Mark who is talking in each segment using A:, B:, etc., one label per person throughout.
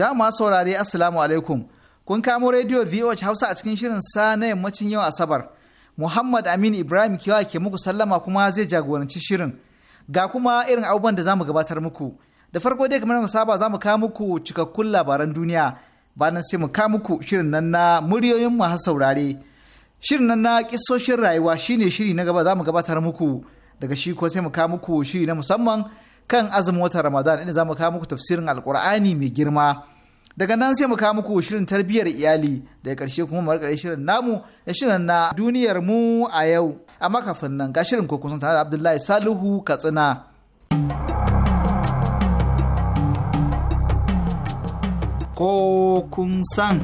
A: jama'a saurare assalamu alaikum kun kamo rediyo voh hausa a cikin shirin sa na yammacin yau asabar muhammad amin ibrahim kiwa ke muku sallama kuma zai jagoranci shirin ga kuma irin abubuwan da zamu gabatar muku da farko dai kamar saba zamu kawo muku cikakkun labaran duniya bayan sai mu kawo muku shirin nan na muryoyin masu saurare shirin nan na kisoshin rayuwa shine shiri na gaba zamu gabatar muku daga shi ko sai mu kawo muku shiri na musamman kan azumin watan Ramadan inda za mu kawo muku tafsirin Alkur'ani mai girma. Daga nan sai mu kawo muku shirin tarbiyyar iyali daga ƙarshe kuma mu rikare shirin namu da shirin na duniyar mu a yau. Amma kafin nan ga shirin kokon tare da Abdullahi Salihu Katsina. Kokun san.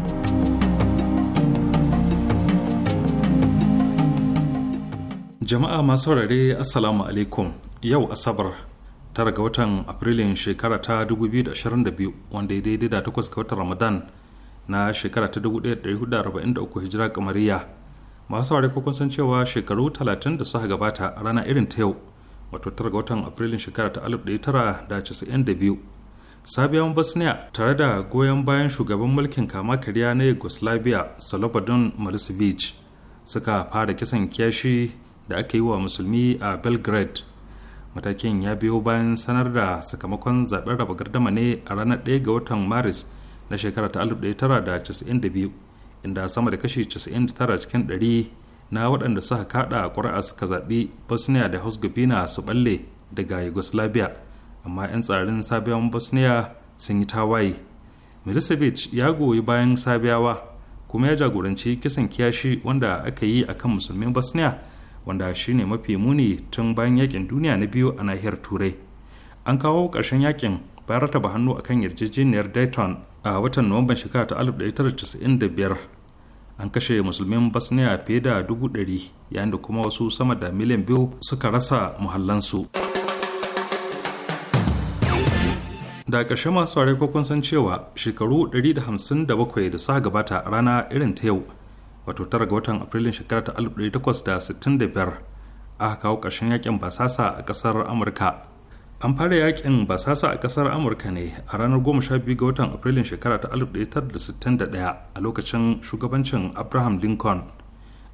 B: Jama'a masu saurare Assalamu alaikum yau Asabar tara ga watan afrilun shekara ta 2022 wanda ya daidai da takwas ga watan ramadan na shekara ta 1443 hijira kamariya masu saurari ko san cewa shekaru 30 da suka gabata rana irin ta yau wato tara ga watan afrilun shekara ta 1992 sabiyan bosnia tare da goyon bayan shugaban mulkin kama karya na yugoslavia slobodan milosevic suka fara kisan kiyashi da aka yi wa musulmi a belgrade matakin ya biyo bayan sanar da sakamakon zaben raba gardama ne a ranar 1 ga watan maris na shekara ta 1992 inda sama da kashi 99 cikin 100 na waɗanda suka kada ƙuri'a suka zaɓi bosnia da herzegovina su balle daga yugoslavia amma 'yan tsarin sabiyan bosnia sun yi tawaye milicevic ya goyi bayan sabiyawa kuma ya jagoranci kisan kiyashi wanda aka yi akan musulmin bosnia wanda shi ne mafi muni tun bayan yakin duniya na biyu a nahiyar turai an kawo ƙarshen yakin bayan rataba hannu kan yarjejeniyar dayton a watan nuwamban shekara ta 1995 an kashe musulmin basniya fiye da dubu ɗari yayin da kuma wasu sama da miliyan biyu suka rasa muhallansu da ƙarshe masu ware kun san cewa shekaru 157 da suka gabata rana irin ta yau wato tara ga watan afrilun shekara ta 1865 aka kawo ƙarshen yakin basasa a ƙasar amurka an fara yakin basasa a ƙasar amurka ne a ranar 12 ga watan afrilun shekara ta 1861 a lokacin shugabancin abraham lincoln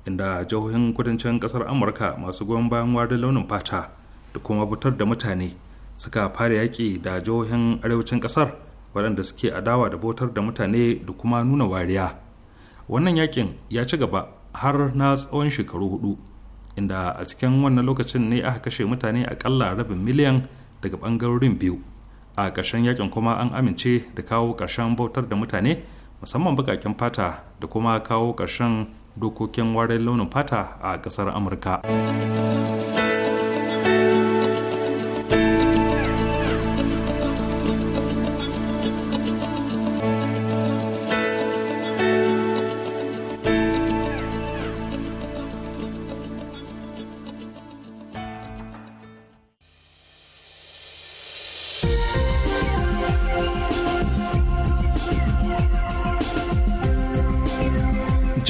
B: inda jihohin kudancin ƙasar amurka masu goyon bayan warin launin fata da kuma butar da mutane suka fara yaƙi da jihohin arewacin ƙasar waɗanda suke adawa da botar da mutane da kuma nuna wariya wannan yakin ya ci gaba har na tsawon shekaru hudu inda a cikin wannan lokacin ne aka kashe mutane akalla rabin miliyan daga bangarorin biyu a ƙarshen yakin kuma an amince da kawo ƙarshen bautar da mutane musamman baƙaƙen fata da kuma kawo ƙarshen dokokin warin launin fata a ƙasar amurka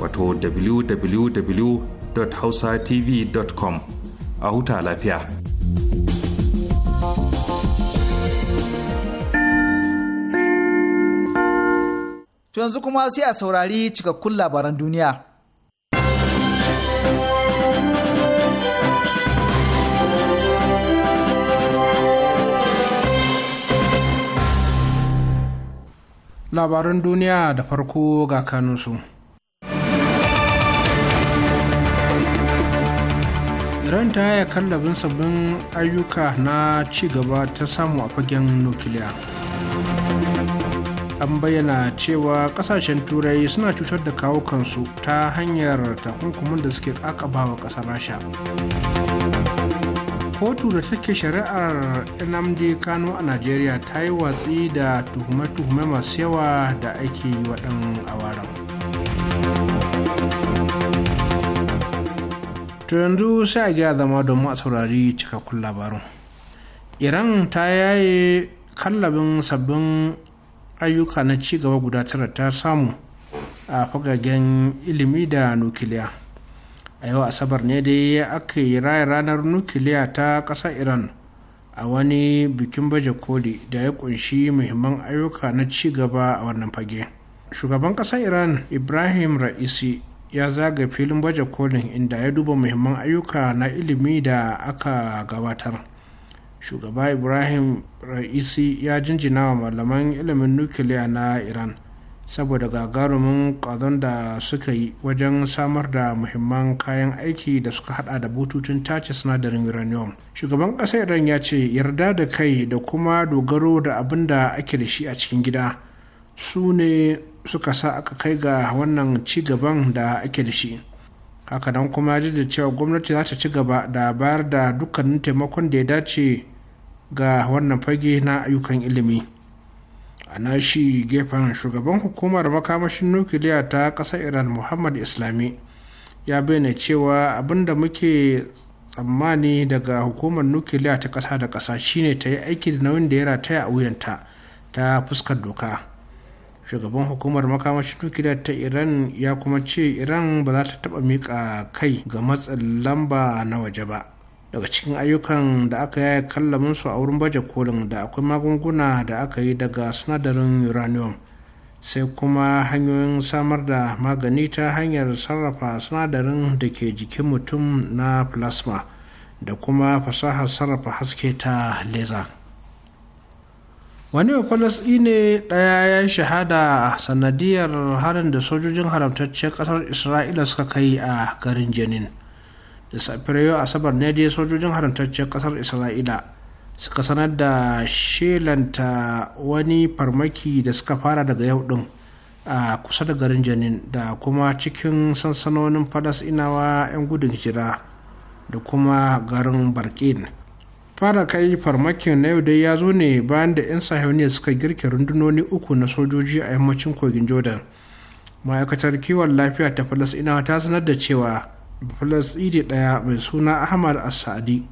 B: wato www.hausatv.com a huta lafiya.
A: To yanzu kuma sai a saurari cikakkun labaran duniya.
C: Labaran duniya da farko ga kanunsu. iran ta haya kallabin sabbin ayyuka na ci gaba ta samu a fagen nukiliya an bayyana cewa kasashen turai suna cutar da kawo kansu ta hanyar takunkumin da suke kakabawa kasar rasha kotu da take shari'ar nmd kano a najeriya ta yi watsi da tuhume-tuhume masu yawa da ake yi waɗin ɗan to yanzu sai a gaya zama domin a saurari cikakkun labarun. iran ta yaye kallabin sabbin ayyuka na cigaba guda tara ta samu a fagagen ilimi da nukiliya a yau asabar ne dai aka yi raya ranar nukiliya ta ƙasa iran a wani bikin baje koli da ya kunshi muhimman ayyuka na cigaba a wannan fage shugaban ƙasar iran ibrahim ra'isi ya zaga filin baje kolin inda ya duba muhimman ayyuka na ilimi da aka gabatar shugaba ibrahim ra'isi ya jinjina wa malaman ilimin nukiliya na iran saboda gagarumin ƙwazon da suka yi wajen samar da muhimman kayan aiki da suka hada da bututun tace sinadarin uranium shugaban ƙasar iran ya ce yarda da kai da kuma dogaro da abin da ake da shi a cikin gida su ne suka sa aka kai ga wannan ci gaban da ake da shi hakanan kuma ya da cewa gwamnati za ta ci gaba da bayar da dukkanin taimakon da ya dace ga wannan fage na ayyukan ilimi a nashi gefen shugaban hukumar makamashin nukiliya ta ƙasar iran muhammad islami ya bayyana cewa abin da muke tsammani daga hukumar nukiliya ta ƙasa da ƙasa shine ta yi aiki da nauyin da ya rataya a wuyanta ta fuskar doka shugaban hukumar makamashin nukiliya ta iran ya kuma ce iran ba za ta taba mika kai ga matsin lamba na waje ba daga cikin ayyukan da aka yaya kallamin su a wurin baje kolin da akwai magunguna da aka yi daga sinadarin uranium sai kuma hanyoyin samar da magani ta hanyar sarrafa sinadarin da ke jikin mutum na plasma da kuma fasahar sarrafa haske ta laser wani ne ɗaya ya shahada a sanadiyar harin da sojojin haramtacciyar ƙasar isra'ila suka kai a garin jenin da safiyar yau asabar ne dai sojojin haramtacciyar ƙasar isra'ila suka sanar da shelanta wani farmaki da suka fara daga yau ɗin a kusa da garin jenin da kuma cikin sansanonin falasɗinawa 'yan gudun hijira da kuma garin barkin. fara kai farmakin na yau dai ya zo ne bayan da 'yan sahiyoniya suka girke rundunoni uku na sojoji a yammacin kogin jordan ma'aikatar kiwon lafiya ta falasɗinawa ta sanar da cewa falasɗini ɗaya mai suna ahmad asadi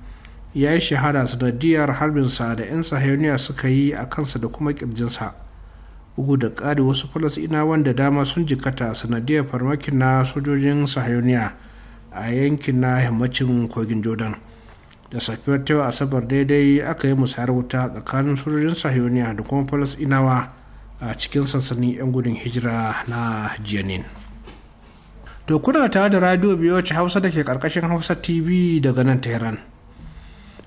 C: ya yi shahara sanadiyar harbinsa da 'yan sahiyoniya suka yi a kansa da kuma kirjinsa bugu da ƙari wasu falasɗinawan wanda dama sun jikata sanadiyar farmakin na sojojin sahiyoniya a yankin na yammacin kogin jordan da safiyar ta asabar daidai aka yi musayar wuta tsakanin sojojin sahiyoniya da kuma Falas Inawa a cikin sansanin 'yan gudun hijira na jenin to kuna tare da radio wacce hausa da ke karkashin hausa tv daga nan tehran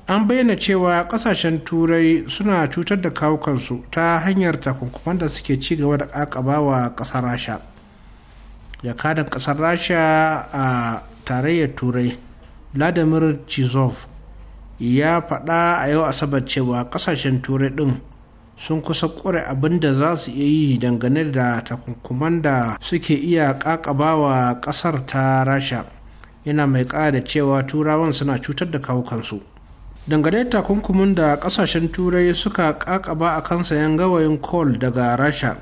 C: an bayyana cewa kasashen turai suna cutar da kawukansu ta hanyar takunkuman da suke ci gaba da kakabawa kasar rasha jakadan kasar rasha a tarayyar turai vladimir chizov ya faɗa a yau asabar cewa ƙasashen turai ɗin sun kusa ƙure abin da za su iya yi dangane da takunkuman da suke iya ƙaƙabawa ƙasar ta rasha yana mai ƙara cewa turawan suna cutar da kawukansu dangane da takunkumin da ƙasashen turai suka ƙaƙaba a kan sayan gawayin kol daga rasha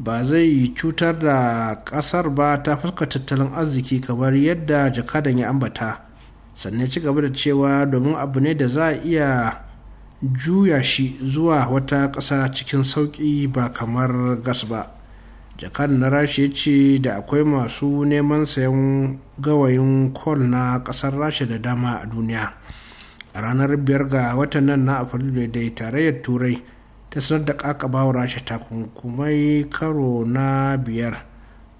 C: ba zai yi cutar da ƙasar ba ta fuska tattalin arziki kamar yadda jakadan ya ambata. sannan ci gaba da cewa domin abu ne da za a iya juya shi zuwa wata ƙasa cikin sauƙi ba kamar gas ba jakar na rasha ce da akwai masu neman sayan gawayin kol na ƙasar rasha da dama a duniya a ranar biyar ga watan nan na afrilu da tarayyar turai ta sanar da kakabawar rasha takunkumai karo na biyar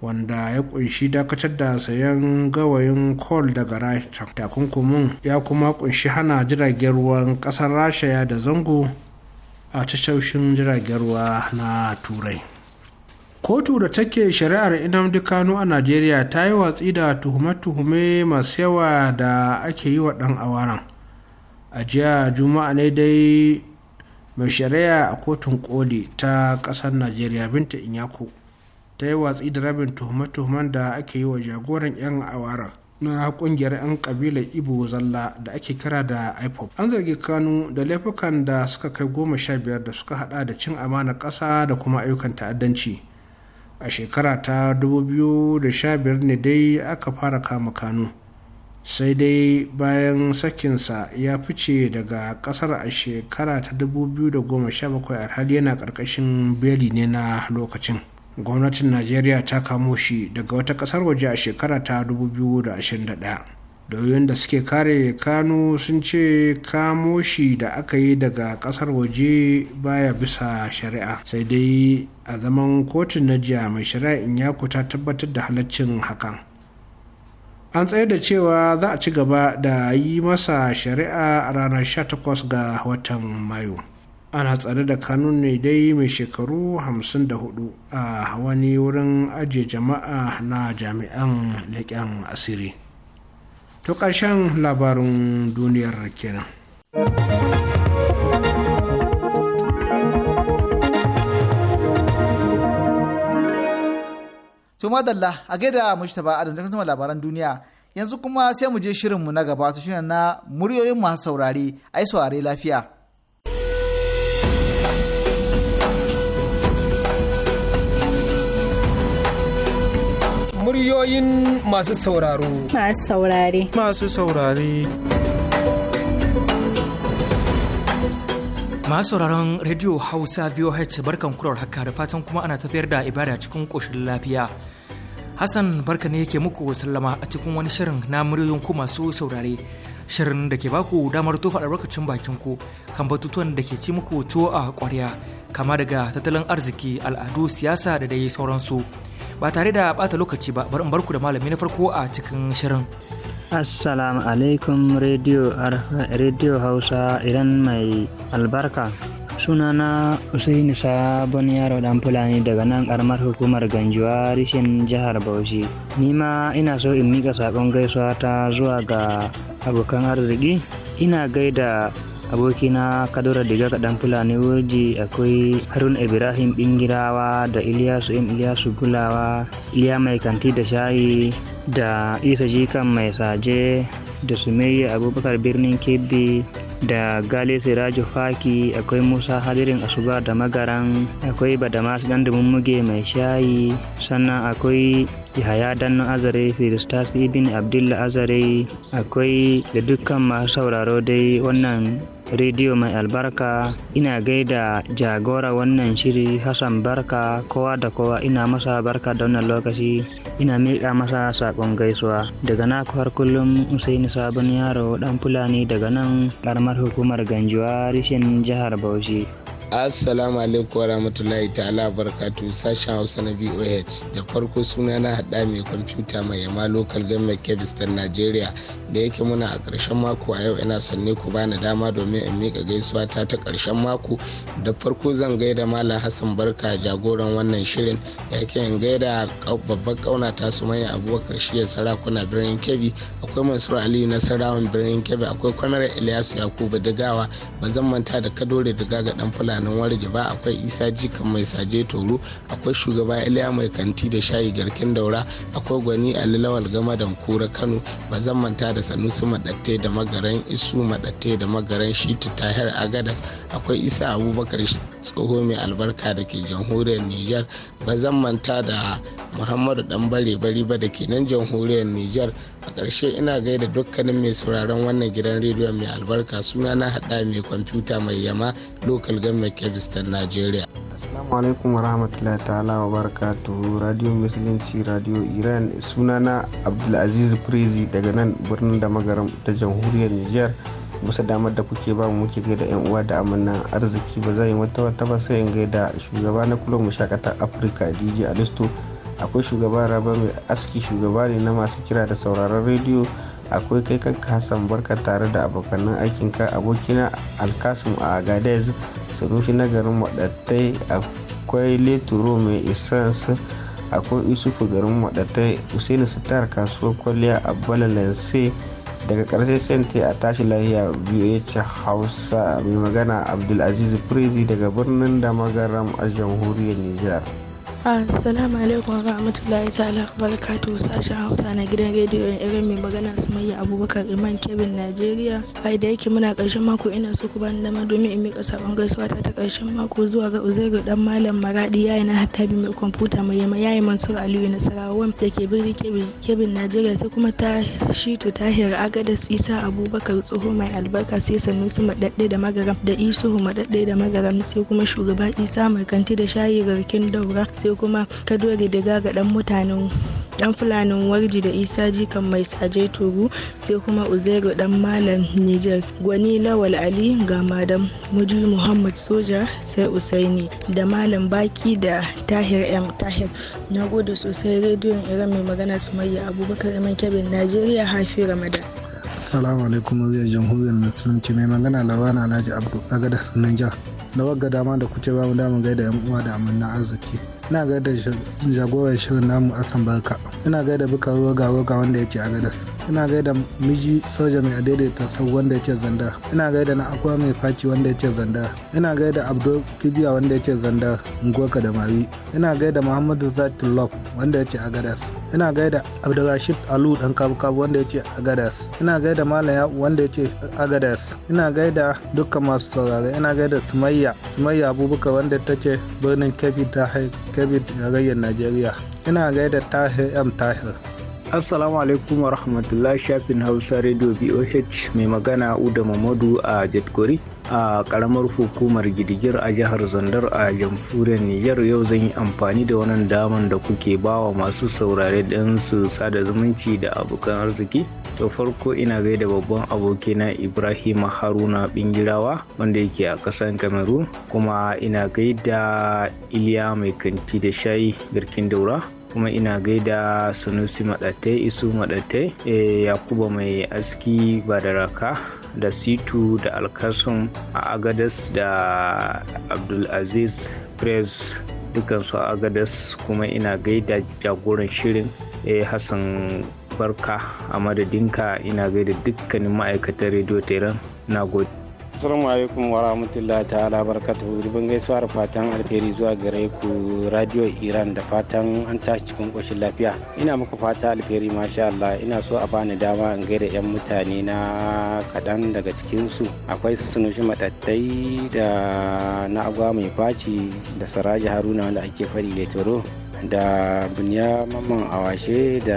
C: wanda ya kunshi dakatar da sayan gawayin kol daga rasha takunkumin ya kuma kunshi hana jiragen ruwan kasar rasha da zango a tashaushin jiragen ruwa na turai kotu da take shari'ar inamdi kano a najeriya ta yi watsi da tuhume-tuhume masu yawa da ake yi wa dan awaran a jiya juma'a ne dai mai shari'a a kotun koli ta ƙasar najeriya binta inyaku. ta yi watsi da rabin tuhume-tuhumen da ake yi wa jagoran 'yan awara na kungiyar 'yan kabilar ibo zalla da ake kira da ipop an zargi kanu da laifukan da suka kai goma sha biyar da suka hada da cin amana ƙasa da kuma ayyukan ta'addanci a shekara ta 2015 ne dai aka fara kama kanu sai dai bayan sakinsa ya fice daga kasar a shekara ta 2017 alhali yana ƙarƙashin beli ne na lokacin gwamnatin najeriya ta kamo shi daga wata kasar waje a shekara ta 2021 doyin da suke kare kano sun ce kamo shi da aka yi daga kasar waje baya bisa shari'a sai dai a zaman kotun na jiya mai shari'a inyaku ta tabbatar da halaccin hakan an tsaye da cewa za a ci gaba da yi masa shari'a a ranar 18 ga watan mayu ana tsare da kanun ne dai mai shekaru 54 a wani wurin ajiye jama'a na jami'an leƙen asiri to ƙarshen labarin duniyar kenan
A: to madalla a gaida taba adam da labaran duniya yanzu kuma sai mu je shirinmu na gaba to shine na muryoyin masu saurare ai saurare lafiya
D: Muryoyin masu sauraro.
E: Masu saurare.
D: Masu saurare. masu sauraron rediyo hausa VOH barkan kurar haka da fatan kuma ana tafiyar da ibada cikin ƙoshin lafiya hassan barka ne yake muku sallama a cikin wani shirin na muryoyin ku masu saurare shirin da ke baku damar tofa albarkacin bakin ku kan batutuwan da ke ci muku tuwo a kwarya kama daga tattalin arziki al'adu siyasa da dai sauransu ba tare da bata lokaci ba bari in barku da malami na farko a cikin shirin
F: assalamu alaikum radio Radio hausa iran mai albarka sunana usaini sabon yaro dan fulani daga nan karamar hukumar ganjuwa rishin jihar bauchi ni ma ina so in mika sakon gaisuwa ta zuwa ga abokan arziki ina gaida abokina kadora diga kaɗan fulani wurji akwai harun ibrahim bingirawa da iliyasu in iliyasu gulawa iliya mai kanti da shayi da isa jikan mai saje da sumayya abubakar birnin kebbi da gale siraju faki akwai musa hadirin asuba da magaran akwai badamasu dan muge mai shayi sannan akwai yahaya danno azare firistas ibn abdullah azare akwai da dukkan masu sauraro dai wannan rediyo mai albarka ina gaida jagora wannan shiri hassan barka kowa da kowa ina masa barka da wannan lokaci ina miƙa masa saƙon gaisuwa daga na har kullum usaini sabon yaro dan fulani daga nan ƙaramar hukumar ganjuwa rishin jihar bauchi
G: Assalamu alaikum warahmatullahi ta'ala barkatu sashen Hausa na BOH da farko suna na hada mai kwamfuta mai yama local government ta Nigeria da yake muna a karshen mako a yau ina sanne ku bani dama domin in mika gaisuwa ta ta ƙarshen mako da farko zan gaida Malam Hassan Barka jagoran wannan shirin ya yake in gaida babban kauna ta su mai abubakar shiyar sarakuna birnin Kebbi akwai Mansur Aliyu na sarawan birnin Kebbi akwai kwamar Ilyasu Yakubu Digawa ba zan manta da Kadore Diga ga dan Fulani mutanen warje ba akwai isa jikan mai saje toro akwai shugaba iliya mai kanti da shayi garkin daura akwai gwani alilawal gama da kura kano ba zan manta da sanusi madatte da magaran isu madatte da magaran shitu tahir agadas akwai isa abubakar tsoho mai albarka da ke jamhuriyar niger ba zan manta da muhammadu dan bale bari ba da ke nan jamhuriyar niger a karshe ina gaida dukkanin mai sauraron wannan gidan rediyon mai albarka suna na hada mai kwamfuta mai yama local government kevistan nigeria
H: Assalamu alaikum wa warahmatullahi ta'ala wa to Radio Musulunci Radio Iran suna na Abdulaziz Prezi daga nan birnin da magaram ta jamhuriyar niger musa damar da kuke ba mu muke gaida yan uwa da amanna arziki ba zai wata wata ba sai in gaida shugaba na kulon mashakatar Afirka DJ Alisto akwai shugaban raba mai aski shugaba ne na masu kira da sauraron rediyo akwai kai kanka hassan barka tare da abokanan aikinka abokina alkasim a agadez sanufi na garin maɗattai akwai leturo mai su akwai isufu garin maɗattai usaini sitar kasuwar kwalliya a balalance daga karshe sente a tashi lahiya bh hausa mai magana abdulaziz prezi daga birnin da magaram a jamhuriyar nijar
D: Assalamu alaikum wa rahmatullahi ta'ala wa barakatuhu sashen Hausa na gidan rediyo rediyon irin mai magana Sumayya Abubakar Iman Kebin Najeriya. Ai da yake muna ƙarshen mako ina so ku bani dama domin in miƙa sabon gaisuwa ta ta ƙarshen mako zuwa ga Uzairu dan Malam Maradi yayi na Hattabi mai kwamfuta mai yamma yayi Mansur Aliyu Nasarawa da ke birnin Kebin Najeriya sai kuma ta Shitu Tahir Agadas Isa Abubakar Tsoho mai albarka sai Sanusi Madadde da Magaram da Isuhu Madadde da Magaram sai kuma shugaba Isa mai kanti da shayi garkin Daura sai sai kuma kadori diga ga ɗan mutanen dan fulanin warji da isa jikan mai saje togo sai kuma uzairu ɗan malam niger gwani lawal ali ga madam muji muhammad soja sai usaini da malam baki da tahir m tahir na gode sosai rediyon iran mai magana su sumayya abubakar iman kebin najeriya hafi ramadan
C: Assalamu alaikum zai jamhuriyar musulunci mai magana lawana Alhaji Abdu daga da Nijar. Da wagga dama da kuce ba mu damu gaida yan uwa da amanna arziki. Ina gaida jagoran shirin namu Asan Barka. Ina gaida buka roga roga wanda yake a gadas. ina gaida miji soja mai adaidaita sau wanda yake zanda ina gaida na akwa mai faci wanda yake zanda ina gaida abdul kibiya wanda yake zanda ngoka da mawi ina gaida muhammadu zatulok wanda yake agadas ina gaida abdulrashid alu dan kabu
I: wanda yake agadas ina gaida malam ya wanda yake agadas ina gaida dukkan masu saurare ina gaida sumayya sumayya abubakar wanda take birnin kebbi ta kebbi rayyar najeriya ina gaida tahir m tahir Assalamu alaikum wa
J: rahmatullah shafin Hausa Radio BOH mai magana Uda Mamadu a Jadgori a karamar hukumar gidigir a jihar Zandar a jamhuriyar Nijar yau zan yi amfani da wannan daman da kuke bawa masu saurare dan su sada zumunci da abokan arziki. To farko ina gaida babban abokina Ibrahim Haruna Bingirawa wanda yake a kasan Cameroon kuma ina gaida Iliya mai kanti da shayi garkin daura kuma ina gaida sanusi maɗatai isu maɗatai e, yakuba mai aski badaraka da situ da alkasun a agadas da abdulaziz press dukansu a agadas kuma ina gaida jagoran shirin e, hassan barka a madadinka ina gaida dukkanin ma'aikatan rediyo teran na gode Assalamu alaikum wa rahmatullahi ta'ala barakatuhu ribin gaisuwa da fatan alheri zuwa gare ku radio Iran da fatan an tashi cikin koshin lafiya. Ina muku fata alheri masha Allah ina so a bani dama in gaida yan mutane na kaɗan daga cikin su akwai su sunushi matattai da na agwa mai faci da saraji haruna wanda ake fari da da buniya mamman awashe da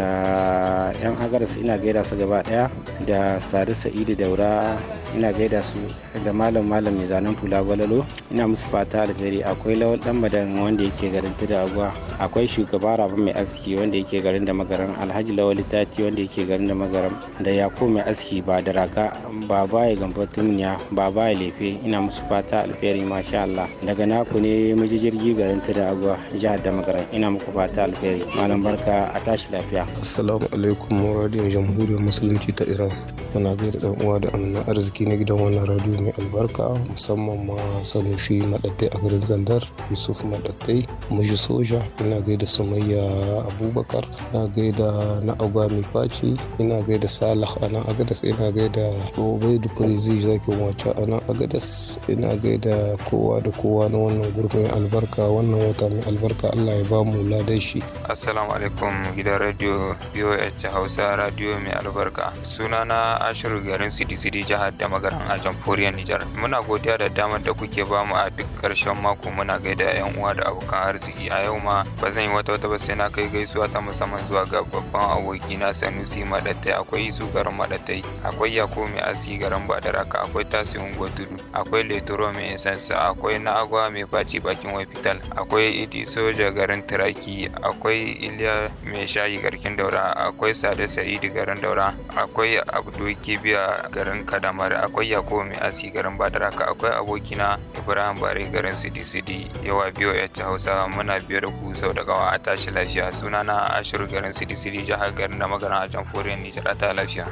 J: yan agaras ina gaida su gaba daya da sadu sa'idu daura ina gaida su da malam malam mai zanen fula gwalalo ina musu fata alheri akwai lawal dan madan wanda yake garin tuda aguwa akwai shugaba rabu mai aski wanda yake garin da magaran alhaji lawal tati wanda yake garin da magaran da yako mai aski ba da raka ba baya gambar tumniya ba baya lefe ina musu fata alheri masha Allah daga naku ne mijijirgi garin tuda aguwa jihar da magaran ina muku fata alheri malam barka a tashi lafiya
G: assalamu alaikum radio jamhuriyar musulunci ta iran muna gaida dan uwa da amina arziki na gidan wannan radio mai albarka musamman ma sanushi madattai a garin zandar yusuf madattai mushi soja ina gaida sumayya abubakar ina gaida na agwa mai faci ina gaida salah a nan agadas ina gaida obaidu firizi zaki wace a nan agadas ina gaida kowa da kowa na wannan gurbin albarka wannan wata mai albarka allah ya bamu samu ladan shi
H: assalamu alaikum gidan radio BOH Hausa radio mai albarka sunana Ashiru garin Sidi Sidi jihar da magaran a jamhuriyar Nijar muna godiya da damar da kuke bamu a duk karshen mako muna gaida yan uwa da abokan arziki a yau ma ba zan yi wata wata ba sai na kai gaisuwa ta musamman zuwa ga babban aboki na Sanusi Madattai akwai su garin Madattai akwai Yako mai asi garin Badaraka akwai Tasi Ungo akwai Leturo mai Esensa akwai Na'agwa mai faci bakin Wafital akwai Idi Soja garin Tirai akwai Iliya Mai Shayi Garkin Daura akwai Sade Sa'idu garin Daura akwai Abdul Kibiya garin Kadamar akwai yakub Mai Asi garin Badaraka akwai abokina Ibrahim Bare garin Sidi Sidi yawa biyo ci Hausa muna biyo da ku sau da gawa a tashi lafiya suna sunana Ashiru garin Sidi Sidi jihar garin da magana a jamhuriyar Nijar ta lafiya.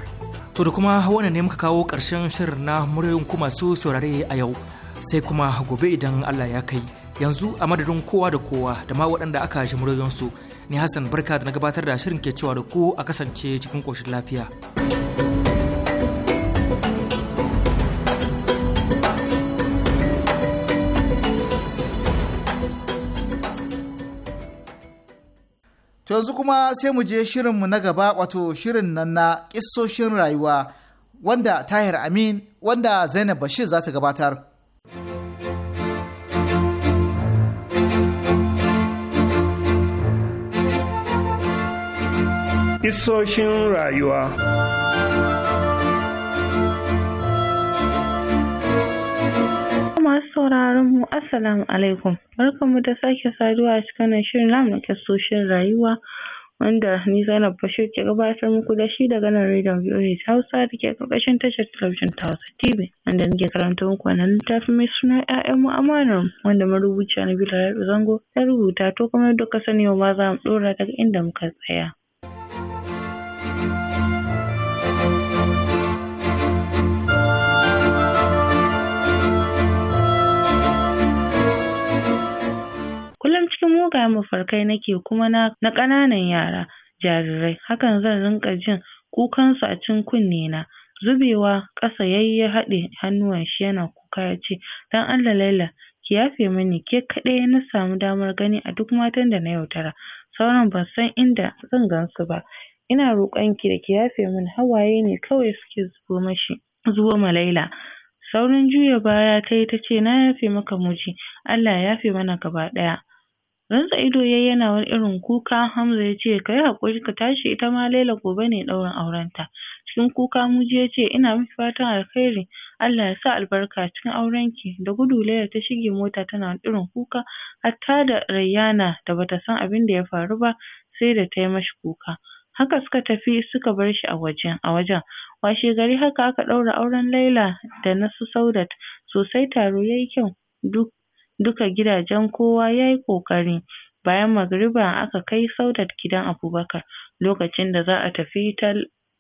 D: To da kuma wannan ne muka kawo ƙarshen shirin na muryoyin ku masu saurare a yau sai kuma gobe idan Allah ya kai. yanzu a madadin kowa da kowa da ma waɗanda aka shi muryoyinsu ne hassan barka da na gabatar da shirin ke cewa da ku a kasance cikin ƙoshin lafiya
A: To yanzu kuma sai mu je shirin mu na gaba wato shirin nan na ƙissoshin rayuwa wanda Tahir Amin wanda Zainab Bashir za ta gabatar.
H: isoshin rayuwa.
E: masu sauraron mu assalamu alaikum barkanmu da sake saduwa a cikin shirin namu na soshin rayuwa wanda ni Zainab Bashir ke gabatar muku da shi daga nan Radio VOA Hausa da ke karkashin tashar talabijin ta Hausa TV wanda nake karanta muku wannan littafin mai suna ƴaƴan mu wanda marubuciya Nabila Rabi Zango ta rubuta to kamar yadda ka sani yau ma za mu ɗora daga inda muka tsaya. Kullum cikin mugayen mafarkai nake kuma na ƙananan yara jarirai, hakan zan rinƙa jin kukansu a cikin kunne na. Zubewa ƙasa yayi ya haɗe shi yana kuka yace, "Don Allah Laila ki yafe mini ke kaɗai na samu damar gani a duk matan da na yaudara, sauran ban san inda zan gansu ba. Ina roƙonki da ki yafe min Hawaye ne kawai suke zubo mashi zubo ma Laila. Saurin juya baya tayi tace, "Na yafe maka miji, Allah ya yafe mana gaba ɗaya." Rantsa ido yayi yana wani irin kuka Hamza ya ce kayi haƙuri ka tashi ita ma Laila gobe ne ɗaurin aurenta. Cikin kuka Muji ya ce ina miki fatan alkhairi Allah ya sa albarka cikin aurenki. Da gudu Laila ta shige mota tana wani irin kuka hatta da Rayyana da bata san abin da ya faru ba sai da tayi mashi kuka. Haka suka tafi suka bar shi a wajen a wajen. Washe gari haka aka ɗaura auren Laila da na su Saudat sosai taro yayi kyau duk duka gidajen kowa yayi ƙoƙari bayan magariba aka kai Saudat gidan Abubakar lokacin da za a tafi ta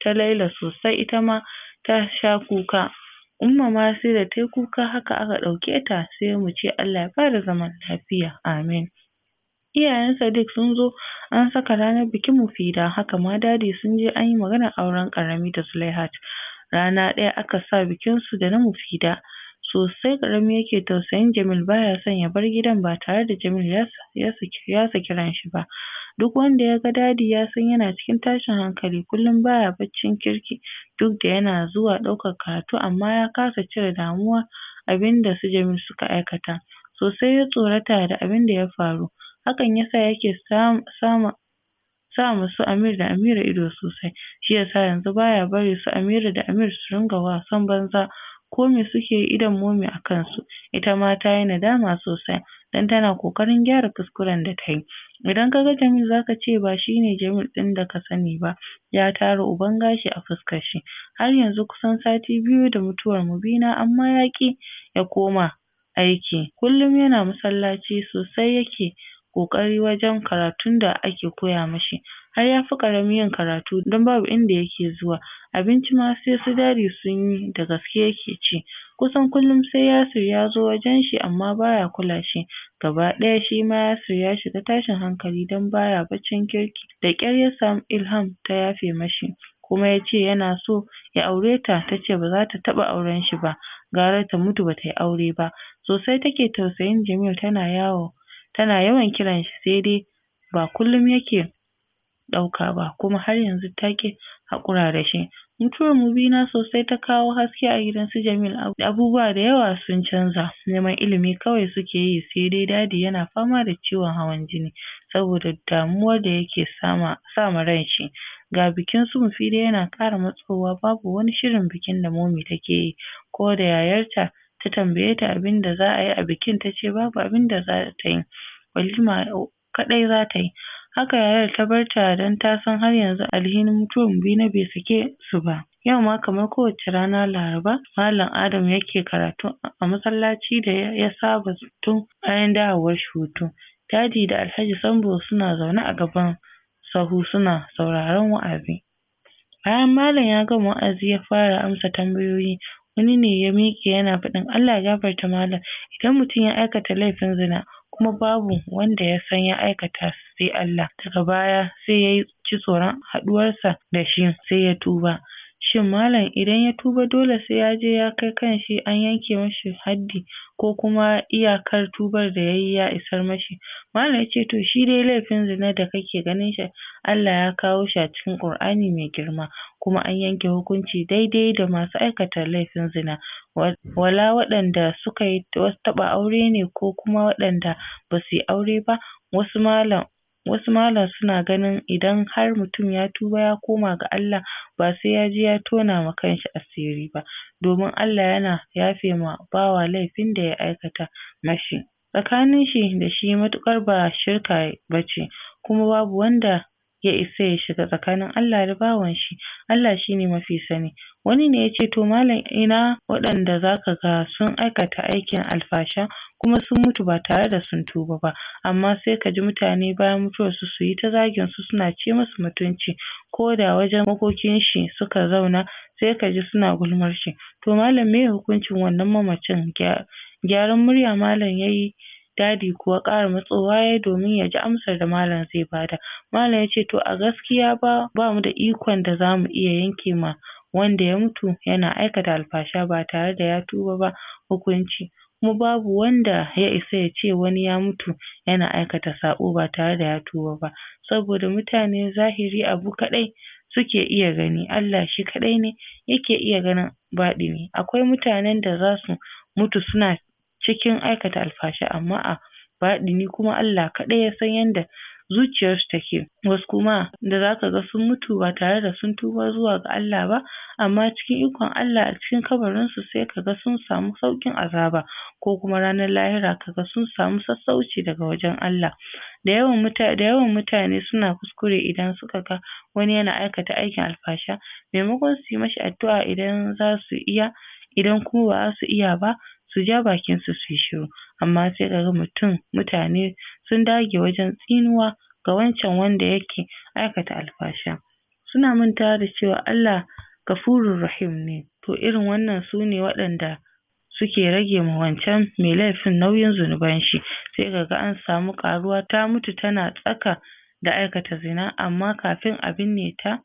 E: ta Laila sosai itama ta sha kuka Umma ma sai da tayi kuka haka aka ɗauke ta sai muce Allah ya bada zaman lafiya amin iyayen Sadiq sun zo an saka ranar bikin Mufida haka ma Dadi sun je anyi maganar auren Karami da Zulaihat rana ɗaya aka sa bikinsu da na Mufida sosai Karami yake tausayin Jamil baya son ya bar gidan ba tare da Jamil ya saki ranshi ba. Duk wanda ya ga Dadi ya san yana cikin tashin hankali kullum baya baccin kirki duk da yana zuwa ɗaukar karatu amma ya kasa cire damuwa abinda su Jamil suka aikata. Sosai ya tsorata da abin da ya faru hakan yasa yake sa sama su Amir da Amira ido sosai shi shiyasa yanzu baya bari su Amira da Amir su ringa wasan banza ko me suke yi idon momi a kansu ita ma ta yi nadama sosai don tana ƙoƙarin gyara kuskuren da ta yi idan ka ga Jamil za ka ce ba shi ne Jamil ɗin da ka sani ba ya tara uban gashi a fuskar shi har yanzu kusan sati biyu da mutuwar Mubina amma ya ƙi ya koma aiki kullum yana masallaci sosai yake ƙoƙari wajen karatun da ake koya mishi har ya fi ƙarami yin karatu don babu inda yake zuwa, abinci ma sai su dadi sun yi da gaske yake ci. Kusan kullum sai Yasir ya zo wajen shi amma ba ya kula shi, gaba ɗaya shi ma Yasir ya shiga tashin hankali don ba ya baccin kirki, da ƙyar ya samu Ilham ta yafe mashi, kuma ya ce yana so ya aure ta, ta ce ba za ta taɓa auren shi ba, gara ta mutu ba ta yi aure ba. Sosai take tausayin Jamil tana yawo tana yawan kiran shi sai dai ba kullum yake ɗauka ba kuma har yanzu ta ki haƙura da shi. Mutuwar Mubina sosai ta kawo haske a gidan su Jamil abubuwa da yawa sun canza neman ilimi kawai suke yi sai dai dadi yana fama da ciwon hawan jini saboda damuwar da yake sama ma ran shi. Ga bikin su Mufida yana ƙara matsowa babu wani shirin bikin da Momi take yi ko da yayarta ta tambaye ta abin da za a yi a bikin ta ce babu abin da za ta yi walima kaɗai za ta yi. Haka Yael ta bar don ta san har yanzu alhinin mutuwar na bai sake su ba. Yau ma kamar kowace rana Laraba, Malam Adam yake karatu a masallaci da ya saba tun bayan dawowar hutu. Dadi da Alhaji Sambo suna zaune a gaban sahu suna sauraron wa'azi. Bayan Malam ya gama wa'azi ya fara amsa tambayoyi, wani ne ya miƙe yana faɗin Allah ya gafarta Malam, idan mutum ya aikata laifin zina kuma babu wanda ya san ya aikata su sai Allah daga baya sai ya ji tsoron haɗuwarsa da shi sai ya tuba shin malam idan ya tuba dole sai ya je ya kai kanshi an yanke mishi haddi ko kuma iyakar tubar da yayi ya isar mashi malam yace to shi dai laifin zina da kake ganin shi Allah ya kawo shi a cikin Ƙur'ani mai girma kuma an yanke hukunci daidai da masu aikata laifin zina wala waɗanda suka yi taɓa aure ne ko kuma waɗanda basu yi aure ba wasu malam wasu malam suna ganin idan har mutum ya tuba ya koma ga Allah ba sai ya je ya tona ma kanshi asiri ba domin Allah yana yafe ma bawa laifin da ya aikata mashi tsakanin shi da shi matuƙar ba shirka ba ce, kuma babu wanda ya isa ya shiga tsakanin Allah da bawan shi Allah shine mafi sani wani ne ya ce to malam ina waɗanda zaka ga sun aikata aikin alfasha kuma sun mutu ba tare da sun tuba ba amma sai ka ji mutane bayan mutuwarsu su yi ta zagin su suna ce musu mutunci ko da wajen makokin shi suka zauna sai ka ji suna gulmar shi to malam meye hukuncin wannan mamacin gyaran murya malam ya yi dadi kuwa ƙara matsowa yayi domin ya ji amsar da malam zai bada malam ya ce to a gaskiya ba mu da ikon da zamu iya yanke ma wanda ya mutu yana aikata alfasha ba tare da ya tuba ba hukunci kuma babu wanda ya isa ya ce wani ya mutu yana aikata saɓo ba tare da ya tuba ba saboda mutane zahiri abu kaɗai suke iya gani Allah shi kaɗai ne yake iya ganin baɗi ne. akwai mutanen da za su mutu suna cikin aikata alfasha amma a baɗi baɗini kuma Allah kaɗai ya san yanda zuciyarsu take wasu kuma da zaka ga sun mutu ba tare da sun tuba zuwa ga Allah ba amma cikin ikon Allah a cikin kabarinsu sai kaga sun samu sauƙin azaba ko kuma ranar lahira kaga sun samu sassauci daga wajen Allah da yawan muta da yawan mutane suna kuskure idan suka ga wani yana aikata aikin alfasha maimakon su yi mashi addu'a idan za su iya idan kuma ba za su iya ba su ja bakinsu su su yi shiru amma sai ka ga mutum mutane sun dage wajen tsinuwa ga wancan wanda yake aikata alfasha suna mantawa da cewa Allah Gafurur Rahim ne to irin wannan sune waɗanda suke rage ma wancan mai laifin nauyin zunuban shi sai ka an samu ƙaruwa ta mutu tana tsaka da aikata zina amma kafin a binne ta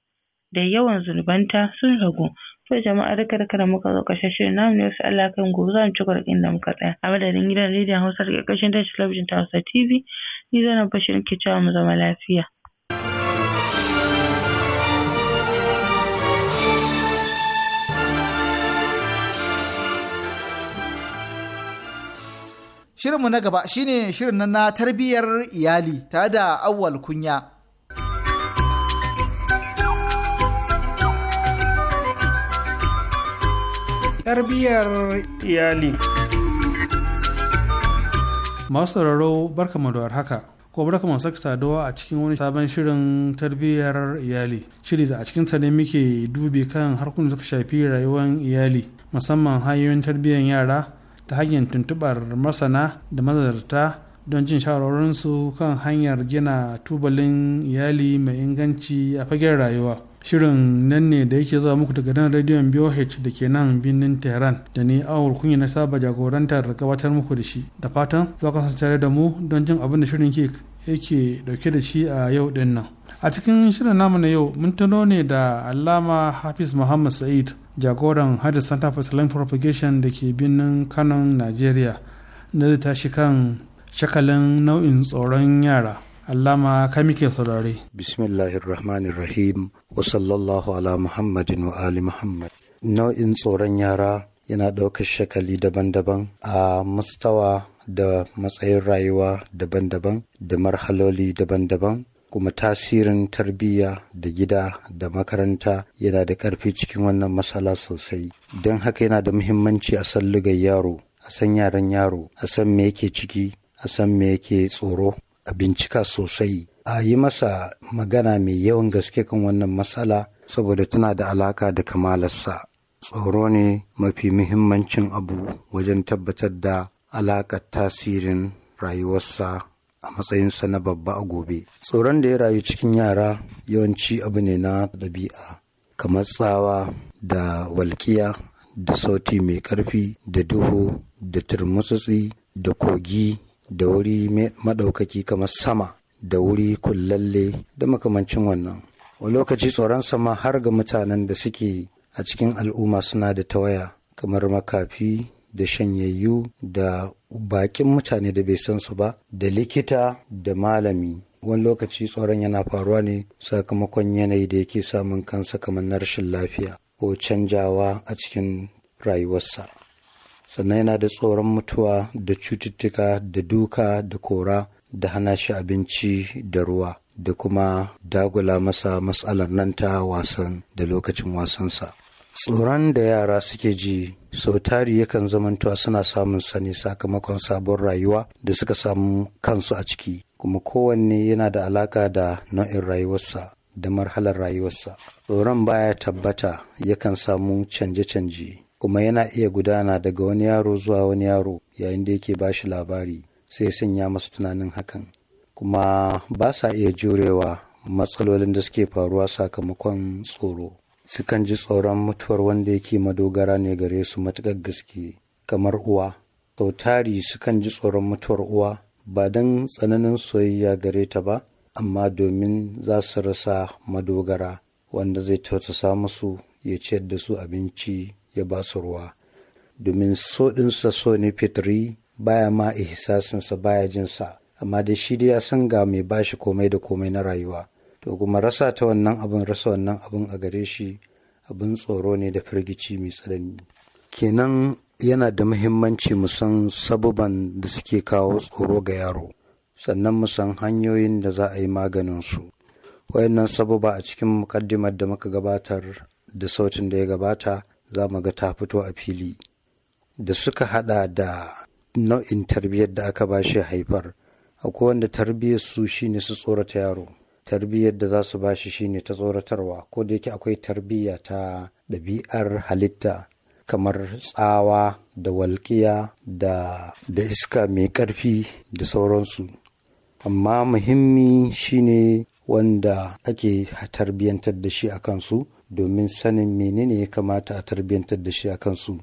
E: da yawan zunubanta sun ragu To jama'a duka da da muka zo ƙarshen shirin namu ne wasu Allah kan gobe za mu ci gwargin da muka tsaya. A madadin gidan rediyon Hausa da ƙarƙashin tashar talabijin ta Hausa TV ni Zainab Bashir ke cewa mu zama lafiya.
A: Shirinmu na gaba shine shirin na tarbiyyar iyali tare da awwal kunya. tarbiyyar iyali
I: masu sauraro barkamu da haka ko barkamu saki saduwa a cikin wani sabon shirin tarbiyyar iyali shiri da a cikin sa ne muke dubi kan harkokin da suka shafi rayuwar iyali musamman hanyoyin tarbiyyar yara ta hanyar tuntubar masana da mazarta don jin shawarorinsu kan hanyar gina tubalin iyali mai inganci a fagen rayuwa shirin nan ne da yake zuwa muku daga nan rediyon BOH da ke nan birnin Tehran da ni awul kunya na saba jagorantar gabatar muku da shi da fatan za ka tare da mu don jin abin da shirin ke yake dauke da shi a yau din nan a cikin shirin namu na yau mun tuno ne da alama hafiz muhammad sa'id jagoran hadis center for islamic propagation da ke birnin kanon nigeria na zai tashi kan shakalin nau'in tsoron yara Allama ka muke saurare.
K: Bismillahirrahmanirrahim wa sallallahu ala Muhammadin wa ali Muhammad. Nau'in tsoron yara yana ɗaukar shakali daban-daban a mustawa da matsayin rayuwa daban-daban da marhaloli daban-daban kuma tasirin tarbiyya da gida da makaranta yana da ƙarfi cikin wannan matsala sosai don haka yana da muhimmanci a san lugar yaro a san yaran yaro a san me yake ciki a san me yake tsoro a bincika sosai a yi masa magana mai yawan gaske kan wannan matsala saboda tana da alaka da kamalarsa tsoro ne mafi muhimmancin abu wajen tabbatar da alakar tasirin rayuwarsa a matsayinsa na babba a gobe tsoron da ya rayu cikin yara yawanci abu ne na ɗabi'a kamar tsawa da walƙiya da sauti mai ƙarfi da duhu da turmutsutsi da kogi da wuri maɗaukaki kamar sama da wuri kullalle da makamancin wannan wani lokaci tsoron sama har ga mutanen da suke a cikin al'umma suna da tawaya kamar makafi da shanyayyu da bakin mutane da bai san su ba da likita da malami wani lokaci tsoron yana faruwa ne sakamakon yanayi da yake samun kansa kamar na rashin lafiya ko canjawa a cikin rayuwarsa sannan yana da tsoron mutuwa da cututtuka da duka da kora da hana shi abinci da ruwa da kuma dagula masa matsalar nan ta wasan da lokacin wasansa tsoron da yara suke ji sau tari yakan zamantuwa suna samun sani sakamakon sabon rayuwa da suka samu kansu a ciki kuma kowanne yana da alaka da nau'in rayuwarsa da marhalar rayuwarsa tsoron baya tabbata yakan samu canje-canje kuma yana iya gudana daga wani yaro zuwa wani yaro yayin da yake ba shi labari sai sanya masu tunanin hakan kuma ba sa iya jurewa matsalolin da suke faruwa sakamakon tsoro sukan ji tsoron mutuwar wanda yake madogara ne gare su matuƙar gaske kamar uwa sau tari sukan ji tsoron mutuwar uwa ba don tsananin soyayya gare ta ba amma domin za su rasa madogara wanda zai tausasa musu ya ciyar da su abinci ya ba su ruwa domin so ɗinsa so ne fitri baya ma ihsasinsa baya jinsa amma da shi dai ya san ga mai bashi komai da komai na rayuwa to kuma rasa ta wannan abin rasa wannan abin a gare shi abin tsoro ne da firgici mai tsanani kenan yana da muhimmanci mu san sabuban da suke kawo tsoro ga yaro sannan mu san hanyoyin da za a yi maganin su wayannan sabuba a cikin mukaddimar da muka gabatar da sautin da ya gabata za mu ga ta fito a fili da suka hada da nau'in tarbiyyar da aka ba shi haifar akwai wanda tarbiyyar su shine su tsorata yaro tarbiyyar da za su ba shi shine ta tsoratarwa ko da yake akwai tarbiyya ta ɗabi'ar halitta kamar tsawa da walƙiya da iska mai ƙarfi da sauransu amma muhimmi shine wanda ake tarbiyyantar da shi a kansu domin sanin menene ya kamata a tarbiyyantar da shi a kansu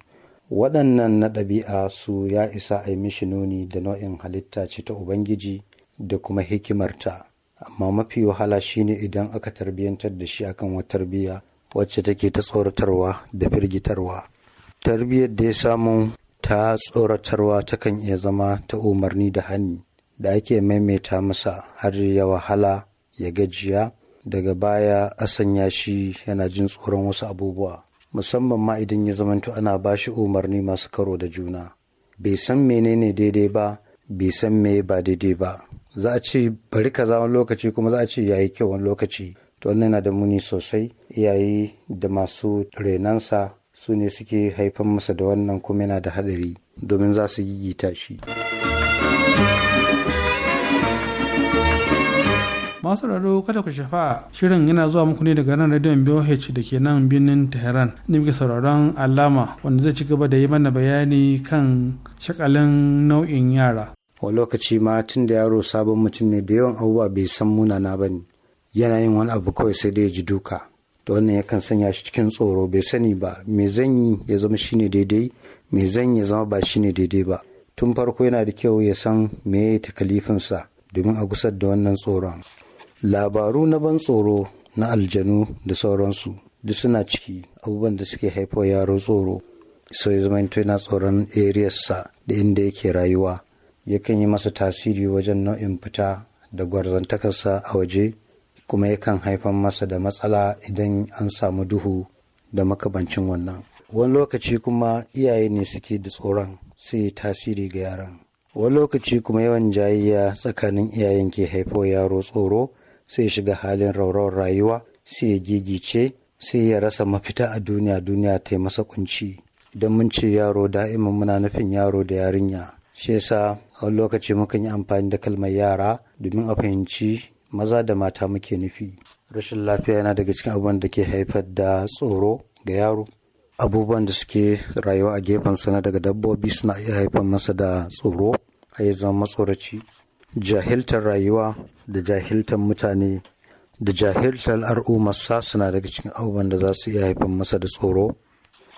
K: waɗannan na ɗabi'a su ya isa a yi mishi nuni da nau'in halitta ce ta ubangiji da kuma hikimarta amma mafi wahala shine idan aka tarbiyyantar da shi akan wata tarbiyya wacce take ta tsoratarwa da firgitarwa tarbiyyar da ya samu ta tsoratarwa takan iya zama ta umarni da hannu da ake maimaita masa har ya wahala ya gajiya daga baya a sanya shi yana jin tsoron wasu abubuwa musamman ma idan ya zamanto ana ba shi umarni masu karo da juna bai san menene daidai ba bai san me ba daidai ba za a ce bari ka wani lokaci kuma za a ce yayi kyau wani lokaci to wannan yana da muni sosai iyaye da masu renansa su ne suke haifan masa da wannan kuma yana da hadari domin za su gigita shi.
I: masu raro kada ku shafa shirin yana zuwa muku ne daga nan radio BOH da ke nan birnin Tehran ne muke sauraron alama wanda zai ci gaba da yi mana bayani kan shakalin nau'in yara.
K: A lokaci ma tun da yaro sabon mutum ne da yawan abubuwa bai san munana ba ne yana yin wani abu kawai sai da ya ji duka da wannan yakan sanya shi cikin tsoro bai sani ba me zanyi ya zama shine daidai me zan ya zama ba shine daidai ba tun farko yana da kyau ya san me takalifinsa domin a gusar da wannan tsoron labaru na ban tsoro na aljanu da sauransu duk suna ciki abubuwan da suke haifo yaro tsoro sai zamanto yana tsoron sa da inda yake rayuwa yakan yi masa tasiri wajen nau'in fita da gwarzantakarsa a waje kuma yakan haifar masa da matsala idan an samu duhu da makabancin wannan wani lokaci kuma iyaye ne suke da tsoron sai tasiri ga yaran wani lokaci kuma yawan jayayya tsakanin iyayen ke haifo yaro tsoro sai ya shiga halin raurawar rayuwa sai ya gigice sai ya rasa mafita a duniya duniya ta yi masa kunci idan mun ce yaro da'ima muna nufin yaro da yarinya shi yasa a wani lokaci mukan yi amfani da kalmar yara domin a fahimci maza da mata muke nufi rashin lafiya yana daga cikin abubuwan da ke haifar da tsoro ga yaro abubuwan da suke rayuwa a gefen sana daga dabbobi suna iya haifar masa da tsoro a yi zama matsoraci jahiltar rayuwa da jahiltar mutane da jahiltar al'ummarsa suna daga cikin abubuwan da za su iya haifar masa da tsoro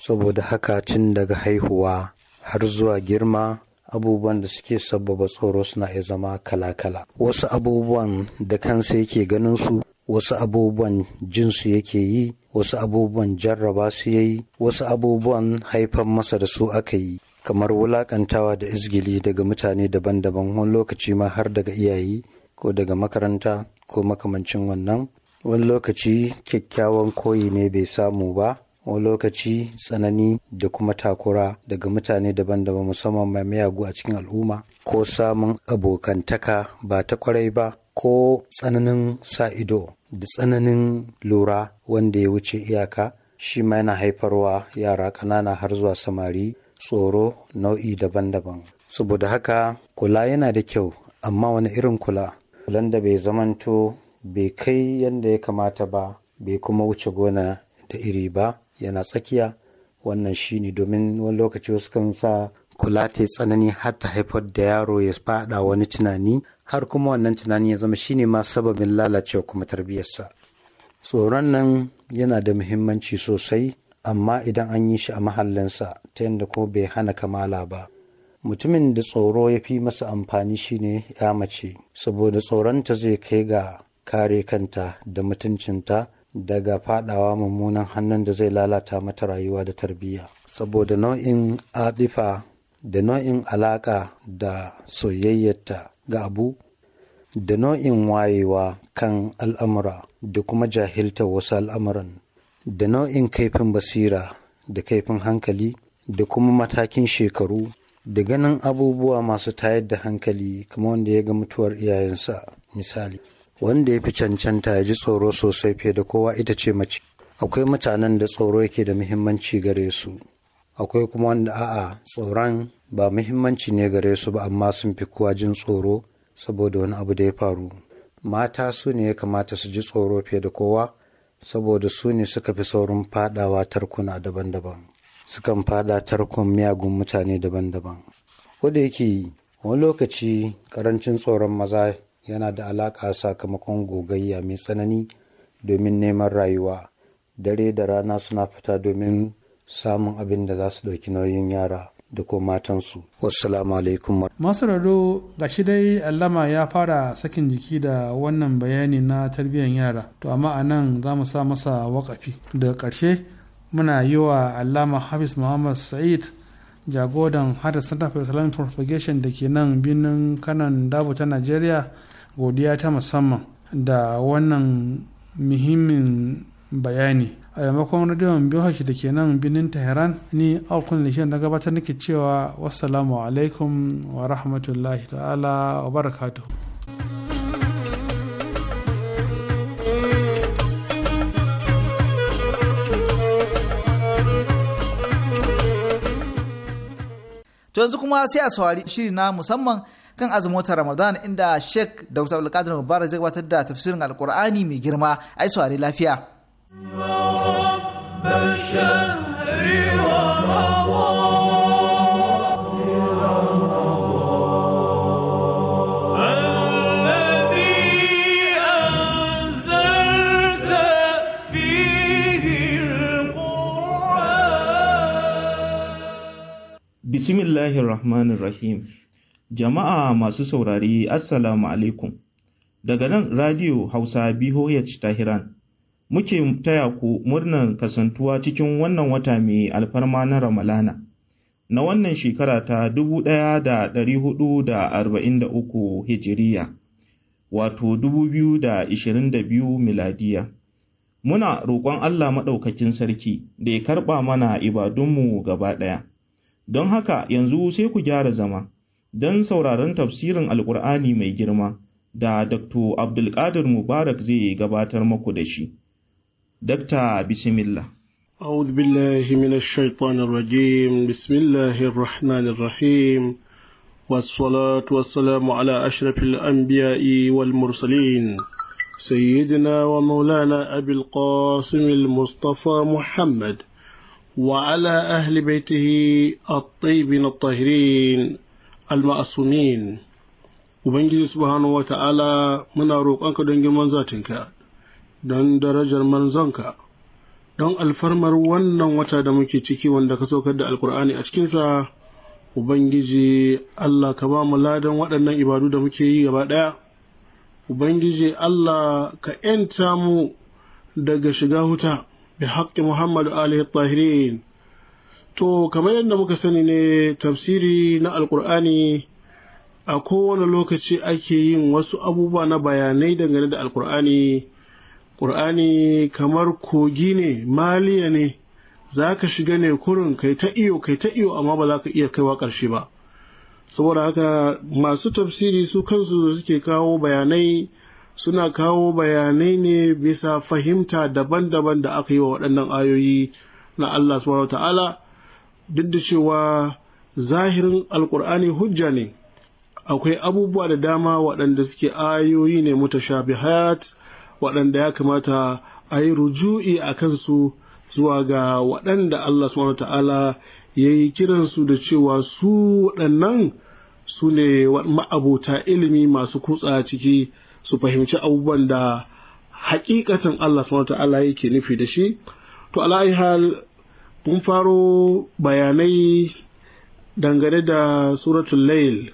K: saboda haka tun daga haihuwa har zuwa girma abubuwan da suke sababa tsoro suna iya zama kala-kala wasu abubuwan da kansa yake ganin su wasu abubuwan jinsu yake yi wasu abubuwan jarraba su yayi wasu abubuwan haifar masa da su aka yi kamar wulakantawa da izgili daga mutane daban-daban wani lokaci ma har daga iyaye ko daga makaranta ko makamancin wannan wani lokaci kyakkyawan koyi ne bai samu ba wani lokaci tsanani da kuma takura daga mutane daban-daban musamman mai miyagu a cikin al'umma ko samun abokantaka ba ta kwarai ba ko tsananin sa ido da tsananin lura wanda ya wuce iyaka shi ma yana haifarwa yara ƙanana har zuwa samari tsoro nau'i daban-daban saboda haka kula yana da kyau amma wani irin kula kulan da bai zamanto bai kai yadda ya kamata ba bai kuma wuce gona da iri ba yana tsakiya wannan shi ne domin wani lokaci wasu kan sa kula ta tsanani har ta haifar da yaro ya faɗa wani tunani har kuma wannan tunani ya zama shine ma sababin lalacewa kuma tarbiyyarsa tsoron nan yana da muhimmanci sosai amma idan an yi shi a mahallinsa ta yadda ko bai hana kamala ba mutumin da tsoro ya fi masa amfani shine ya mace saboda tsoronta zai kai ga kare kanta da mutuncinta daga fadawa mummunan hannun da zai lalata mata rayuwa da tarbiyya saboda nau'in adifa da nau'in alaka da soyayyarta ga abu da nau'in wayewa kan al'amura da kuma jahilta wasu al'amuran da nau'in kaifin basira da kaifin hankali da kuma matakin shekaru da ganin abubuwa masu tayar da hankali kamar wanda ya ga mutuwar iyayensa misali wanda ya fi cancanta ya ji tsoro sosai fiye da kowa ita ce mace akwai mutanen da tsoro yake da muhimmanci gare su akwai kuma wanda a'a tsoron ba muhimmanci ne gare su ba amma sun fi kowa jin tsoro saboda wani abu da ya faru mata su ne ya kamata su ji tsoro fiye da kowa saboda su ne suka fi saurin fadawa tarkuna daban-daban sukan fada tarkon miyagun mutane daban-daban da yake wani lokaci karancin tsoron maza yana da alaƙa sakamakon gogayya mai tsanani domin neman rayuwa dare da rana suna fita domin samun abin da za su ɗauki nauyin yara da kuma matansu. Wassalamu alaikum.
I: Masu raro ga shi dai Allama ya fara sakin jiki da wannan bayani na tarbiyyar yara. To amma a nan za mu sa masa wakafi. Daga ƙarshe muna yi wa Allama Hafiz Muhammad Sa'id jagodan hada Center for Islamic Propagation da ke nan birnin kanan Dabo ta Najeriya godiya ta musamman da wannan muhimmin bayani. a yammakon radiyon bihoshi da ke nan birnin tehran ni alkun lishen na gabatar nake cewa wassalamu alaikum wa rahmatullahi ta'ala wa barakatu
A: To yanzu kuma sai a saurari shiri na musamman kan azumin wata Ramadan inda Sheikh Dr. Abdulkadir Mubarak zai gabatar da tafsirin Alkur'ani mai girma ai saurari lafiya.
L: Bismillahir
H: Rahmanir Rahim. Jama'a masu saurari, Assalamu alaikum. Daga nan Radio Hausa BOH Tahiran, muke taya ku murnar kasantuwa cikin wannan wata mai alfarma na Ramalana, na wannan shekara ta 1443 Hijiriya, wato 2022 Miladiya. Muna roƙon Allah Maɗaukakin Sarki da ya karɓa mana ibadunmu gaba ɗaya. Don haka yanzu sai ku gyara zama, don sauraron tafsirin Alƙur'ani mai girma da Dr. Abdulkadir Mubarak zai gabatar maku da shi. دكتور بسم الله
M: أعوذ بالله من الشيطان الرجيم بسم الله الرحمن الرحيم والصلاة والسلام على أشرف الأنبياء والمرسلين سيدنا ومولانا أبي القاسم المصطفى محمد وعلى أهل بيته الطيبين الطاهرين المعصومين وبنجي سبحانه وتعالى من أروق أنك دنجي من zatinka, don darajar manzonka don alfarmar wannan wata da muke ciki wanda ka saukar da alkur'ani a cikinsa ubangiji allah ka ba mu ladan waɗannan ibadu da muke yi gaba ɗaya ubangiji allah ka ‘yanta mu daga shiga huta bi haƙƙi muhammadu alihi tahirin to kamar yadda muka sani ne tafsiri na alkur'ani a kowane lokaci ake yin wasu abubuwa na bayanai dangane da alkur'ani ƙur'ani kamar kogi ne maliya ne za ka shiga ne kurin kai ta iyo kai ta iyo amma ba za ka iya kaiwa ƙarshe ba saboda haka masu tafsiri su kansu suke kawo bayanai suna kawo bayanai ne bisa fahimta daban-daban da aka yi wa waɗannan ayoyi na Allah subhanahu ta'ala duk da cewa zahirin alkur'ani hujja ne akwai abubuwa da dama waɗanda suke ayoyi ne mutashabihat waɗanda ya kamata a yi ruju'i a kansu zuwa ga waɗanda Allah subhanahu ta'ala ya yi kiransu da cewa su waɗannan su ne ma'abota ilimi masu kutsa ciki su fahimci abubuwan da hakikatan Allah subhanahu ta'ala yake nufi da shi to hal mun faro bayanai dangane da suratul lail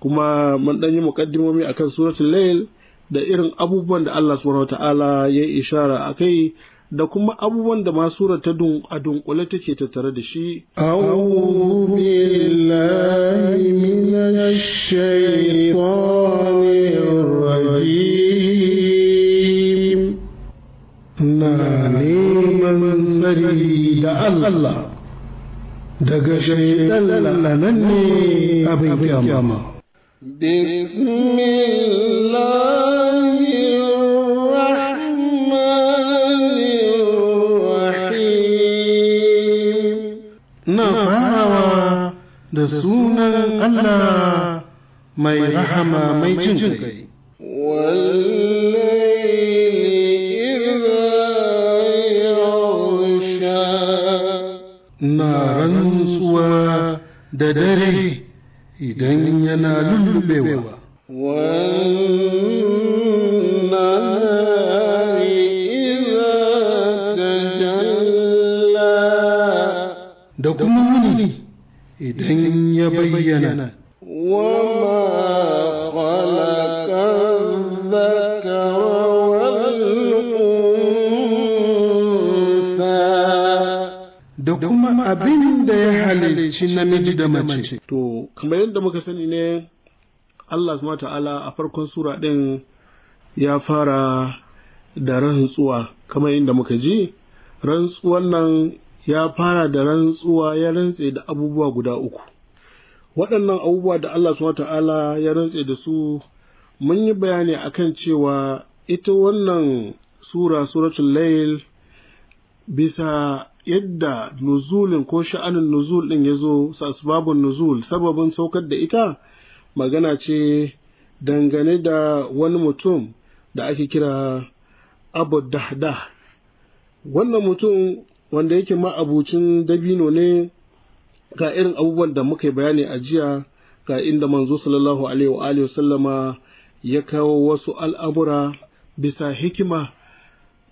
M: kuma mun ɗan yi muƙaddimomi akan suratul lail da irin abubuwan da Allah subhanahu ta'ala ya ishara a kai da kuma abubuwan da ma sura dun a dunkule take tattare da shi. A'udhu billahi minash shaitanir rajim. Na neman tsari da Allah daga shaitan lalanan ne abin
L: kyama. بسم الله الرحمن الرحيم
M: نفاوا da sunan Allah mai rahama mai jin kai. Na rantsuwa da dare idan yana lullubewa da kuma wuni idan ya bayyana
L: وما خلق الذكر
M: da kuma abin da ya halicci namiji da mace. To, kamar yadda muka sani ne, Allah su ta'ala a farkon sura ɗin ya fara da rantsuwa, kamar yadda muka ji, rantsuwan nan ya fara da rantsuwa ya rantse da abubuwa guda uku. Waɗannan abubuwa da Allah su ta'ala ya rantse da su, mun yi bayani akan cewa ita wannan sura suratul layl bisa yadda nuzulin ko sha'anin nuzul ɗin ya zo asbabun nuzul sababin saukar da ita magana ce dangane da wani mutum da ake kira abu dahda wannan mutum wanda yake ma'abucin dabino ne ga irin abubuwan da muka yi bayani a jiya ga inda manzo sallallahu alaihi wa sallama ya kawo wasu al'amura bisa hikima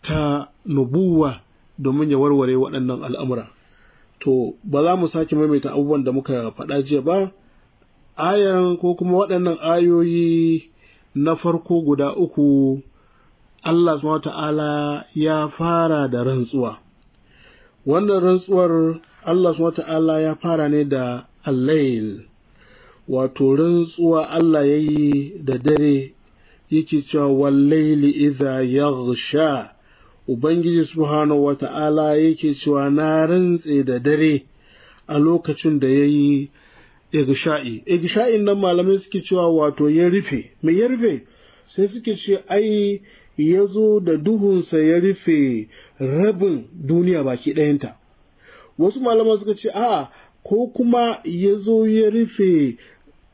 M: ta nubuwa domin ya warware waɗannan al'amura to ba za mu sake maimaita abubuwan da muka faɗa jiya ba ayan ko kuma waɗannan ayoyi na farko guda uku Allah ta'ala ya fara da rantsuwa wannan rantsuwar Allah ta'ala ya fara ne da al wato rantsuwa Allah ya yi da dare yake cewa wallaili ya yaghsha Ubangiji Subhanahu wa ta'ala yake cewa na rantse da dare a lokacin da ya yi igisha’i. Igsha'in nan malamai suke cewa wato ya rufe, mai ya rufe sai suke ce ai ya zo da duhunsa ya rufe rabin duniya baki ɗayanta. Wasu malamai suka ce a'a ko kuma ya zo ya rufe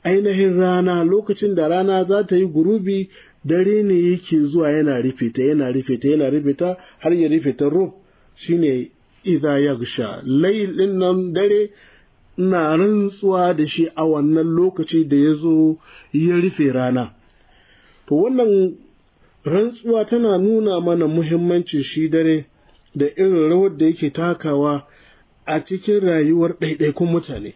M: ainihin rana lokacin da rana za ta yi gurubi dare ne yake zuwa yana rufe ta yana rufe ta yana rufe ta har ya rufe ta rub shine idza yaghsha lailin nan dare na rantsuwa da shi a wannan lokaci da ya zo ya rufe rana to wannan rantsuwa tana nuna mana muhimmancin shi dare da irin rawar da yake takawa a cikin rayuwar ɗaiɗaikun mutane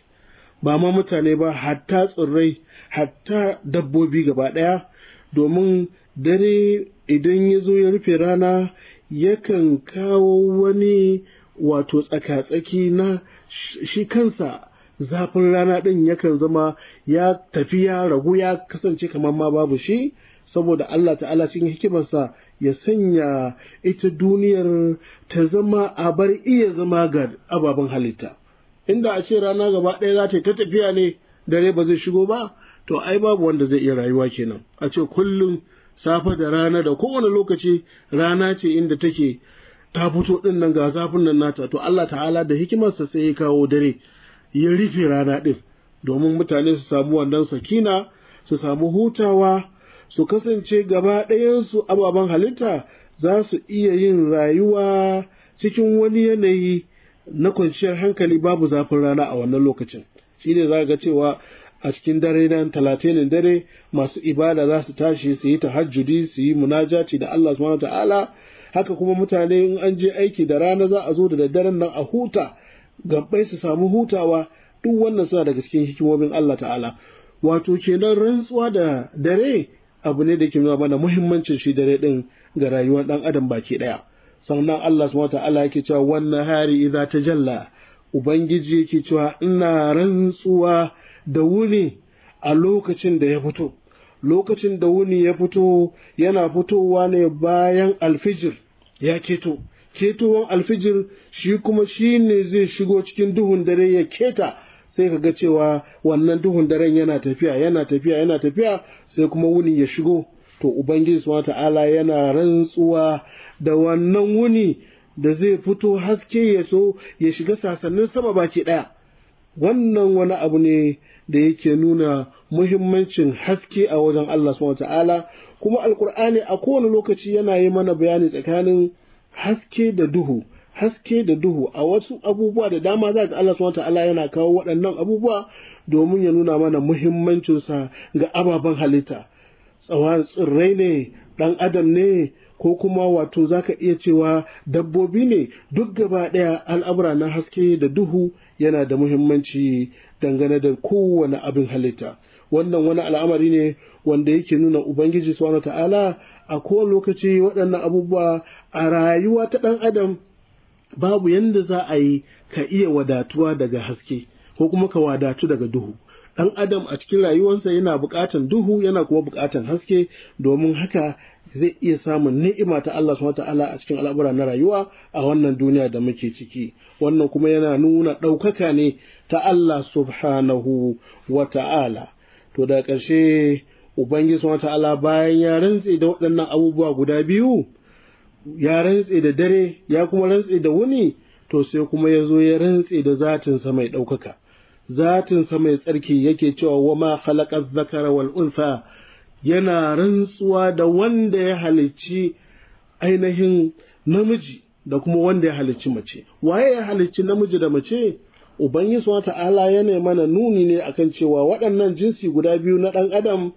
M: ba ma mutane ba hatta tsirrai hatta dabbobi gaba ɗaya domin dare idan ya zo ya rufe rana yakan kawo wani wato tsaka-tsaki na shi kansa zafin rana ɗin yakan zama ya tafi ya ragu ya kasance kamar ma babu shi saboda Allah ta'ala cikin hikimarsa ya sanya ita duniyar ta zama a bar iya zama ga ababen halitta inda a ce rana gaba ɗaya za ta yi ta tafiya ne dare ba zai shigo ba to ai babu wanda zai iya rayuwa kenan a ce kullum safe da rana da kowane lokaci rana ce inda take ta fito din nan ga zafin nan nata to Allah ta'ala da hikimarsa sai ya kawo dare ya rufe rana din domin mutane su samu wannan sakina su samu hutawa su kasance gaba ɗayansu ababen halitta za su iya yin rayuwa cikin wani yanayi na kwanciyar hankali babu zafin rana a wannan lokacin shi ne za ga cewa a cikin dare nan talatinin dare masu ibada za su tashi su yi tahajjudi su yi munajaci da Allah subhanahu ta'ala haka kuma mutane in an je aiki da rana za a zo da daddaren nan a huta gabbai su samu hutawa duk wannan suna daga cikin hikimomin Allah ta'ala wato kenan rantsuwa da dare abu ne da ke nuna mana muhimmancin shi dare din ga rayuwar dan adam baki daya sannan Allah subhanahu ta'ala yake cewa wannan hari idza tajalla ubangiji yake cewa ina rantsuwa da wuni a lokacin da ya fito lokacin da wuni ya fito yana fitowa ne bayan alfijir ya keto Ketowan alfijir shi kuma shi ne zai shigo cikin duhun dare ya keta sai ka ga cewa wannan duhun daren yana tafiya yana tafiya yana tafiya sai kuma wuni ya shigo to ubangiji subhanahu ta'ala yana rantsuwa da wannan wuni da zai fito haske ya so ya shiga sasannin sama baki ɗaya. wannan wani abu ne da yake nuna muhimmancin haske a wajen Allah subhanahu ta'ala kuma alkur'ani a kowane lokaci yana yi mana bayani tsakanin haske da duhu haske da duhu a wasu abubuwa da dama za ga Allah subhanahu ta'ala yana kawo waɗannan abubuwa domin ya nuna mana muhimmancinsa ga ababen halitta tsawon tsirrai ne ɗan adam ne ko kuma wato za ka iya cewa dabbobi ne duk gaba ɗaya al'amura na haske da duhu yana da muhimmanci dangane da kowane abin halitta wannan wani al'amari ne wanda yake nuna ubangiji subhanahu ta'ala a kowane lokaci waɗannan abubuwa a rayuwa ta ɗan adam babu yadda za a yi ka iya wadatuwa daga haske ko kuma ka wadatu daga duhu ɗan adam a cikin rayuwarsa yana buƙatan duhu yana kuma buƙatan haske domin haka zai iya samun ni'ima ta Allah subhanahu a cikin al'amura na rayuwa a wannan duniya da muke ciki wannan kuma yana nuna ɗaukaka ne ta Allah subhanahu wa ta'ala to da ƙarshe ubangiji subhanahu ta'ala bayan ya rantse da waɗannan abubuwa guda biyu ya rantse da dare ya kuma rantse da wuni to sai kuma ya zo ya rantse da zatinsa mai ɗaukaka zatinsa mai tsarki yake cewa wa ma khalaqa zakara wal unsa yana rantsuwa da wanda ya halicci ainihin namiji da kuma wanda ya halicci mace waye ya halicci namiji da mace ubangiji subhanahu ta'ala yana mana nuni ne akan cewa waɗannan jinsi guda biyu na ɗan adam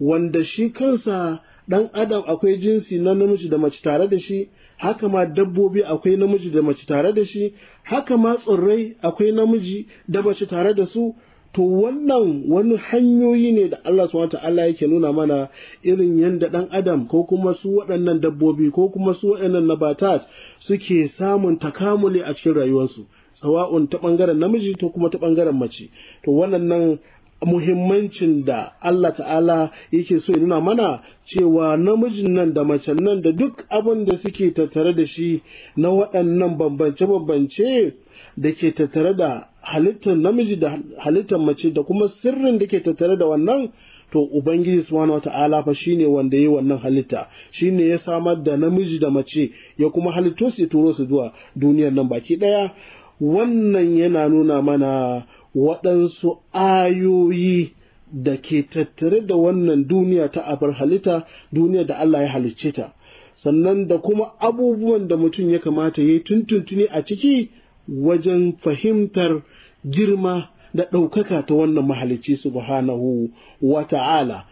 M: wanda shi kansa Ɗan adam akwai jinsi na namiji da mace tare da shi haka ma dabbobi akwai namiji da mace tare da shi haka ma tsirrai akwai namiji da mace tare da su to wannan wani hanyoyi ne da Allah subhanahu ta'ala yake nuna mana irin yadda ɗan adam ko kuma su waɗannan dabbobi ko kuma su waɗannan nabatat suke samun takamuli a cikin rayuwarsu sawa'un ta ɓangaren namiji to kuma ta ɓangaren mace to wannan nan muhimmancin da Allah ta'ala yake so ya nuna mana cewa namijin nan da macen nan da duk abin da suke tattare da shi na waɗannan bambance-bambance da ke tattare da halittar namiji da halittar mace da kuma sirrin da ke tattare da wannan to ubangiji subhanahu wata'ala fa ne wanda yi wannan halitta shine ya samar da namiji da mace ya kuma halitto su ya turo su zuwa duniyar nan baki daya wannan yana nuna mana waɗansu ayoyi da ke tattare da wannan duniya ta abar halitta duniya da Allah ya halicce ta sannan da kuma abubuwan da mutum ya kamata ya yi tuntuntuni a ciki wajen fahimtar girma da ɗaukaka ta wannan mahalicci subhanahu wa ta'ala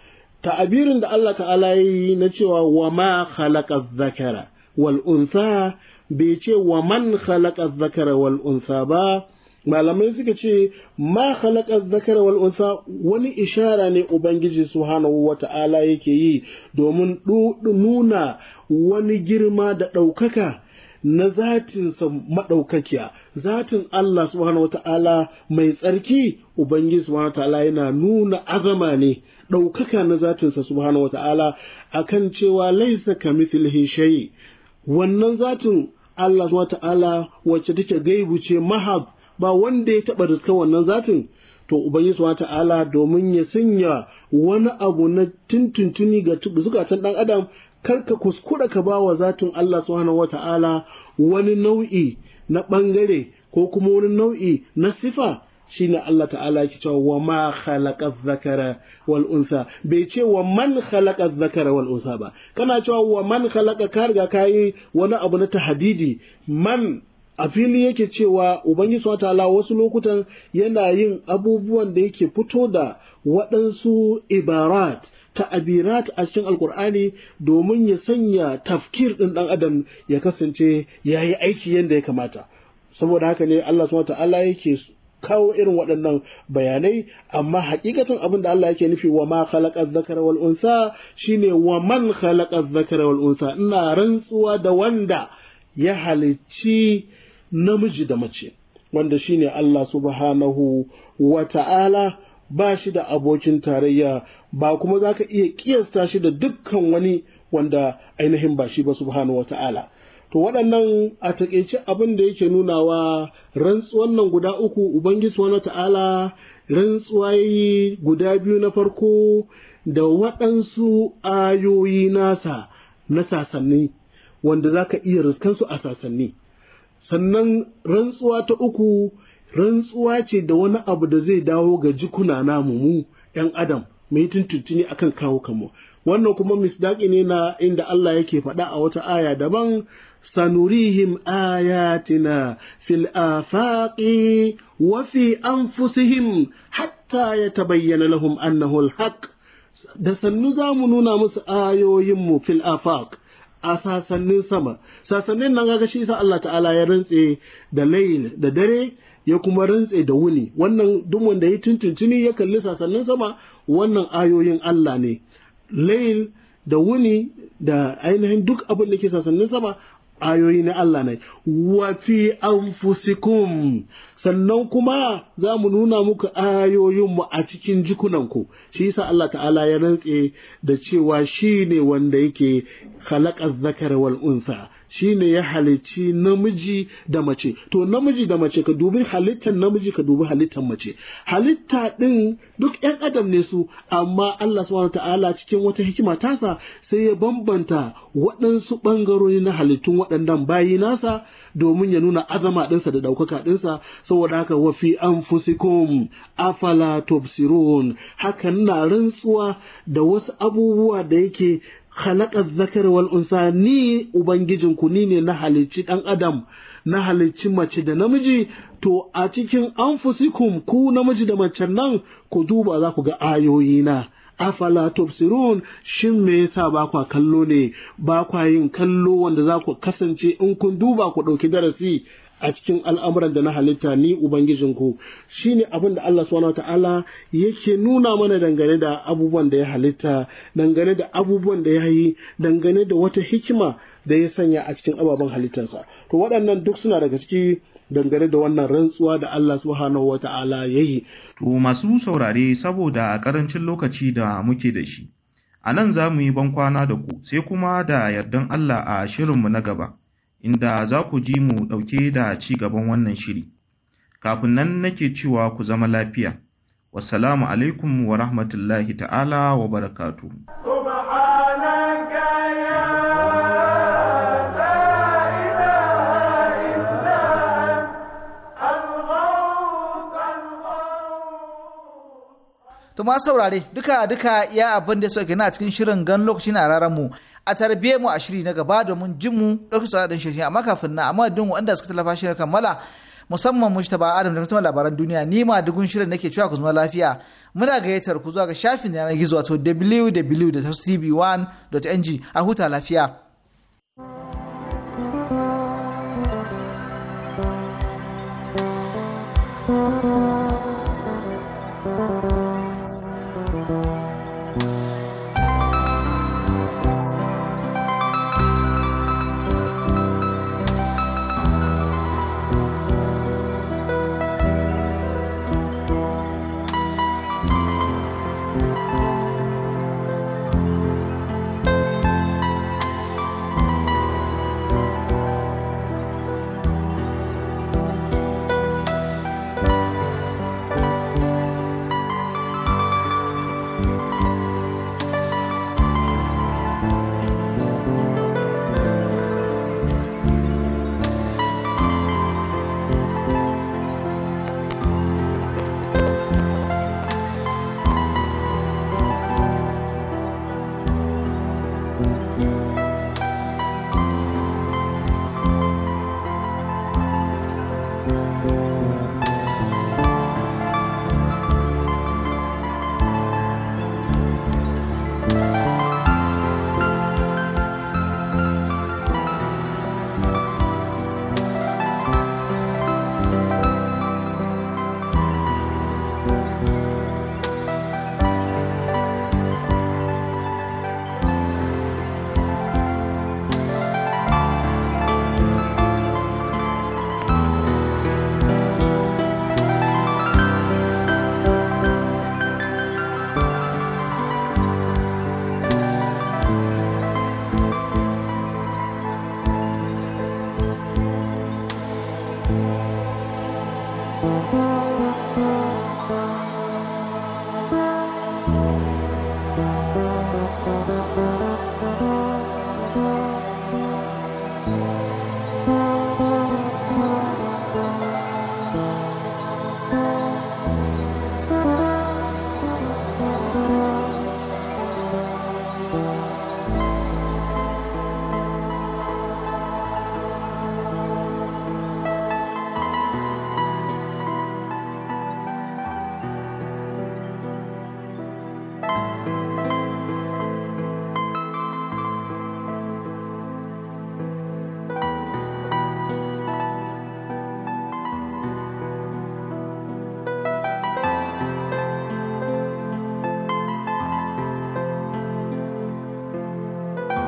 M: ta'abirin da Allah ta'ala yi na cewa wa ma khalaqa zakara wal unsa bai ce wa man khalaqa zakara wal unsa ba malamai suka ce ma halaka zakara wal unsa wani ishara ne ubangiji subhanahu wata'ala yake yi domin nuna wani girma da ɗaukaka na zatinsa maɗaukakiya zatin Allah subhanahu wata'ala mai tsarki ubangiji subhanahu wata'ala yana nuna azama ne ɗaukaka na zatinsa subhanahu wata'ala akan cewa laisa kamithlihi shay wannan zatin Allah subhanahu wata'ala wacce take gaibu ce mahab ba wanda ya taɓa riskan wannan zatin to ubangiji wa ta'ala domin ya sanya wani abu na tuntuntuni ga zukatan ɗan adam karka kuskura ka ba wa zatin Allah subhanahu ta'ala wani nau'i na bangare ko kuma wani nau'i na sifa shine Allah ta'ala yake cewa wa ma khalaqa dhakara wal unsa bai ce wa man khalaqa dhakara wal unsa ba kana cewa wa man khalaqa ka riga kai wani abu na tahdidi man a fili yake cewa ubangiji ta'ala wasu lokutan yana yin abubuwan da yake fito da waɗansu ibarat ta'abirat a cikin alkur'ani domin ya sanya tafkir ɗin ɗan adam ya kasance ya yi aiki yadda ya kamata saboda haka ne allah subhanahu ta'ala yake kawo irin waɗannan bayanai amma hakikatan abin da Allah yake nufi wa ma khalaqa dhakara wal unsa shine wa man khalaqa dhakara wal unsa ina rantsuwa da wanda ya halicci namiji da mace wanda shine Allah subhanahu wa ta'ala ba shi da abokin tarayya ba kuma za ka iya kiyasta shi da dukkan wani wanda ainihin ba shi ba subhanahu wa ta'ala to waɗannan a taƙaice abin da yake nunawa rantsuwan nan guda uku ubangiji wa ta'ala rantsuwayi guda biyu na farko da waɗansu ayoyi nasa na sasanni wanda za ka iya riskansu a sasanni sannan rantsuwa ta uku rantsuwa ce da wani abu da zai dawo ga jikuna namu mu ‘yan adam mai tuntuntuni akan kawo kanmu wannan kuma misdaƙi ne na inda Allah yake faɗa a wata aya daban sanurihim ayatina fil afaqi wa fi anfusihim hatta yatabayyana lahum annahu alhaq da sannu zamu nuna musu ayoyinmu fil afaqi a sasannin sama sasannin nan kaga shi sa Allah ta'ala ya rantse da layin da dare ya kuma rantse da wuni wannan duk wanda ya tuntuntuni ya kalli sasannin sama wannan ayoyin Allah ne layin da wuni da ainihin duk abin da ke sasannin sama ayoyi na Allah ne wa anfusikum sannan kuma za mu nuna muku ayoyinmu a cikin jikunanku shi yasa Allah ta'ala ya rantse da cewa shi ne wanda yake khalaqa zakara wal unsa Shi ne ya halicci namiji da mace to namiji da mace ka dubi halittar namiji ka dubi halittar mace halitta ɗin duk yan adam ne su amma Allah subhanahu ta'ala cikin wata hikima tasa sai ya bambanta waɗansu ɓangarori na halittun waɗannan bayi nasa domin ya nuna azama ɗinsa da ɗaukaka ɗinsa saboda haka wa fi anfusikum afala tubsirun hakan na rantsuwa da wasu abubuwa da yake khalaqa zakarwar wal unsa ni ubangijinku ni ne na halicci dan adam na halicci mace da namiji to a cikin anfusikum ku namiji da mace nan ku duba za ku ga ayoyi na afala tubsirun shin me yasa ba kwa kallo ne ba kwa yin kallo wanda za ku kasance in kun duba ku ɗauki darasi a cikin al'amuran da na halitta ni ubangijinku ne abin da Allah subhanahu ta'ala yake nuna mana dangane da abubuwan da ya halitta dangane da abubuwan da ya yi dangane da wata hikima da ya sanya a cikin ababen halittarsa to waɗannan duk suna daga ciki dangane da wannan
H: rantsuwa da Allah subhanahu wa ta'ala ya yi to masu saurare saboda a ƙarancin lokaci da muke da shi a nan za mu yi bankwana da ku sai kuma da yardan Allah a shirinmu na gaba inda za ku ji mu ɗauke da ci gaban wannan shiri. Kafin nan nake cewa ku zama lafiya. Wassalamu alaikum wa rahmatullahi ta'ala wa barakatu.
A: To ma saurare duka duka ya abin da suka gina a cikin shirin gan lokaci na raran mu a tarbiyyar mu a shiri na gaba domin jin mu ɗauki su haɗin shirin amma kafin na amma duk wanda suka tallafa shirin kammala musamman ba adam da kuma labaran duniya ni ma dugun shirin nake cewa ku zama lafiya muna gayyatar ku zuwa ga shafin yanar gizo wato www.tv1.ng a huta lafiya.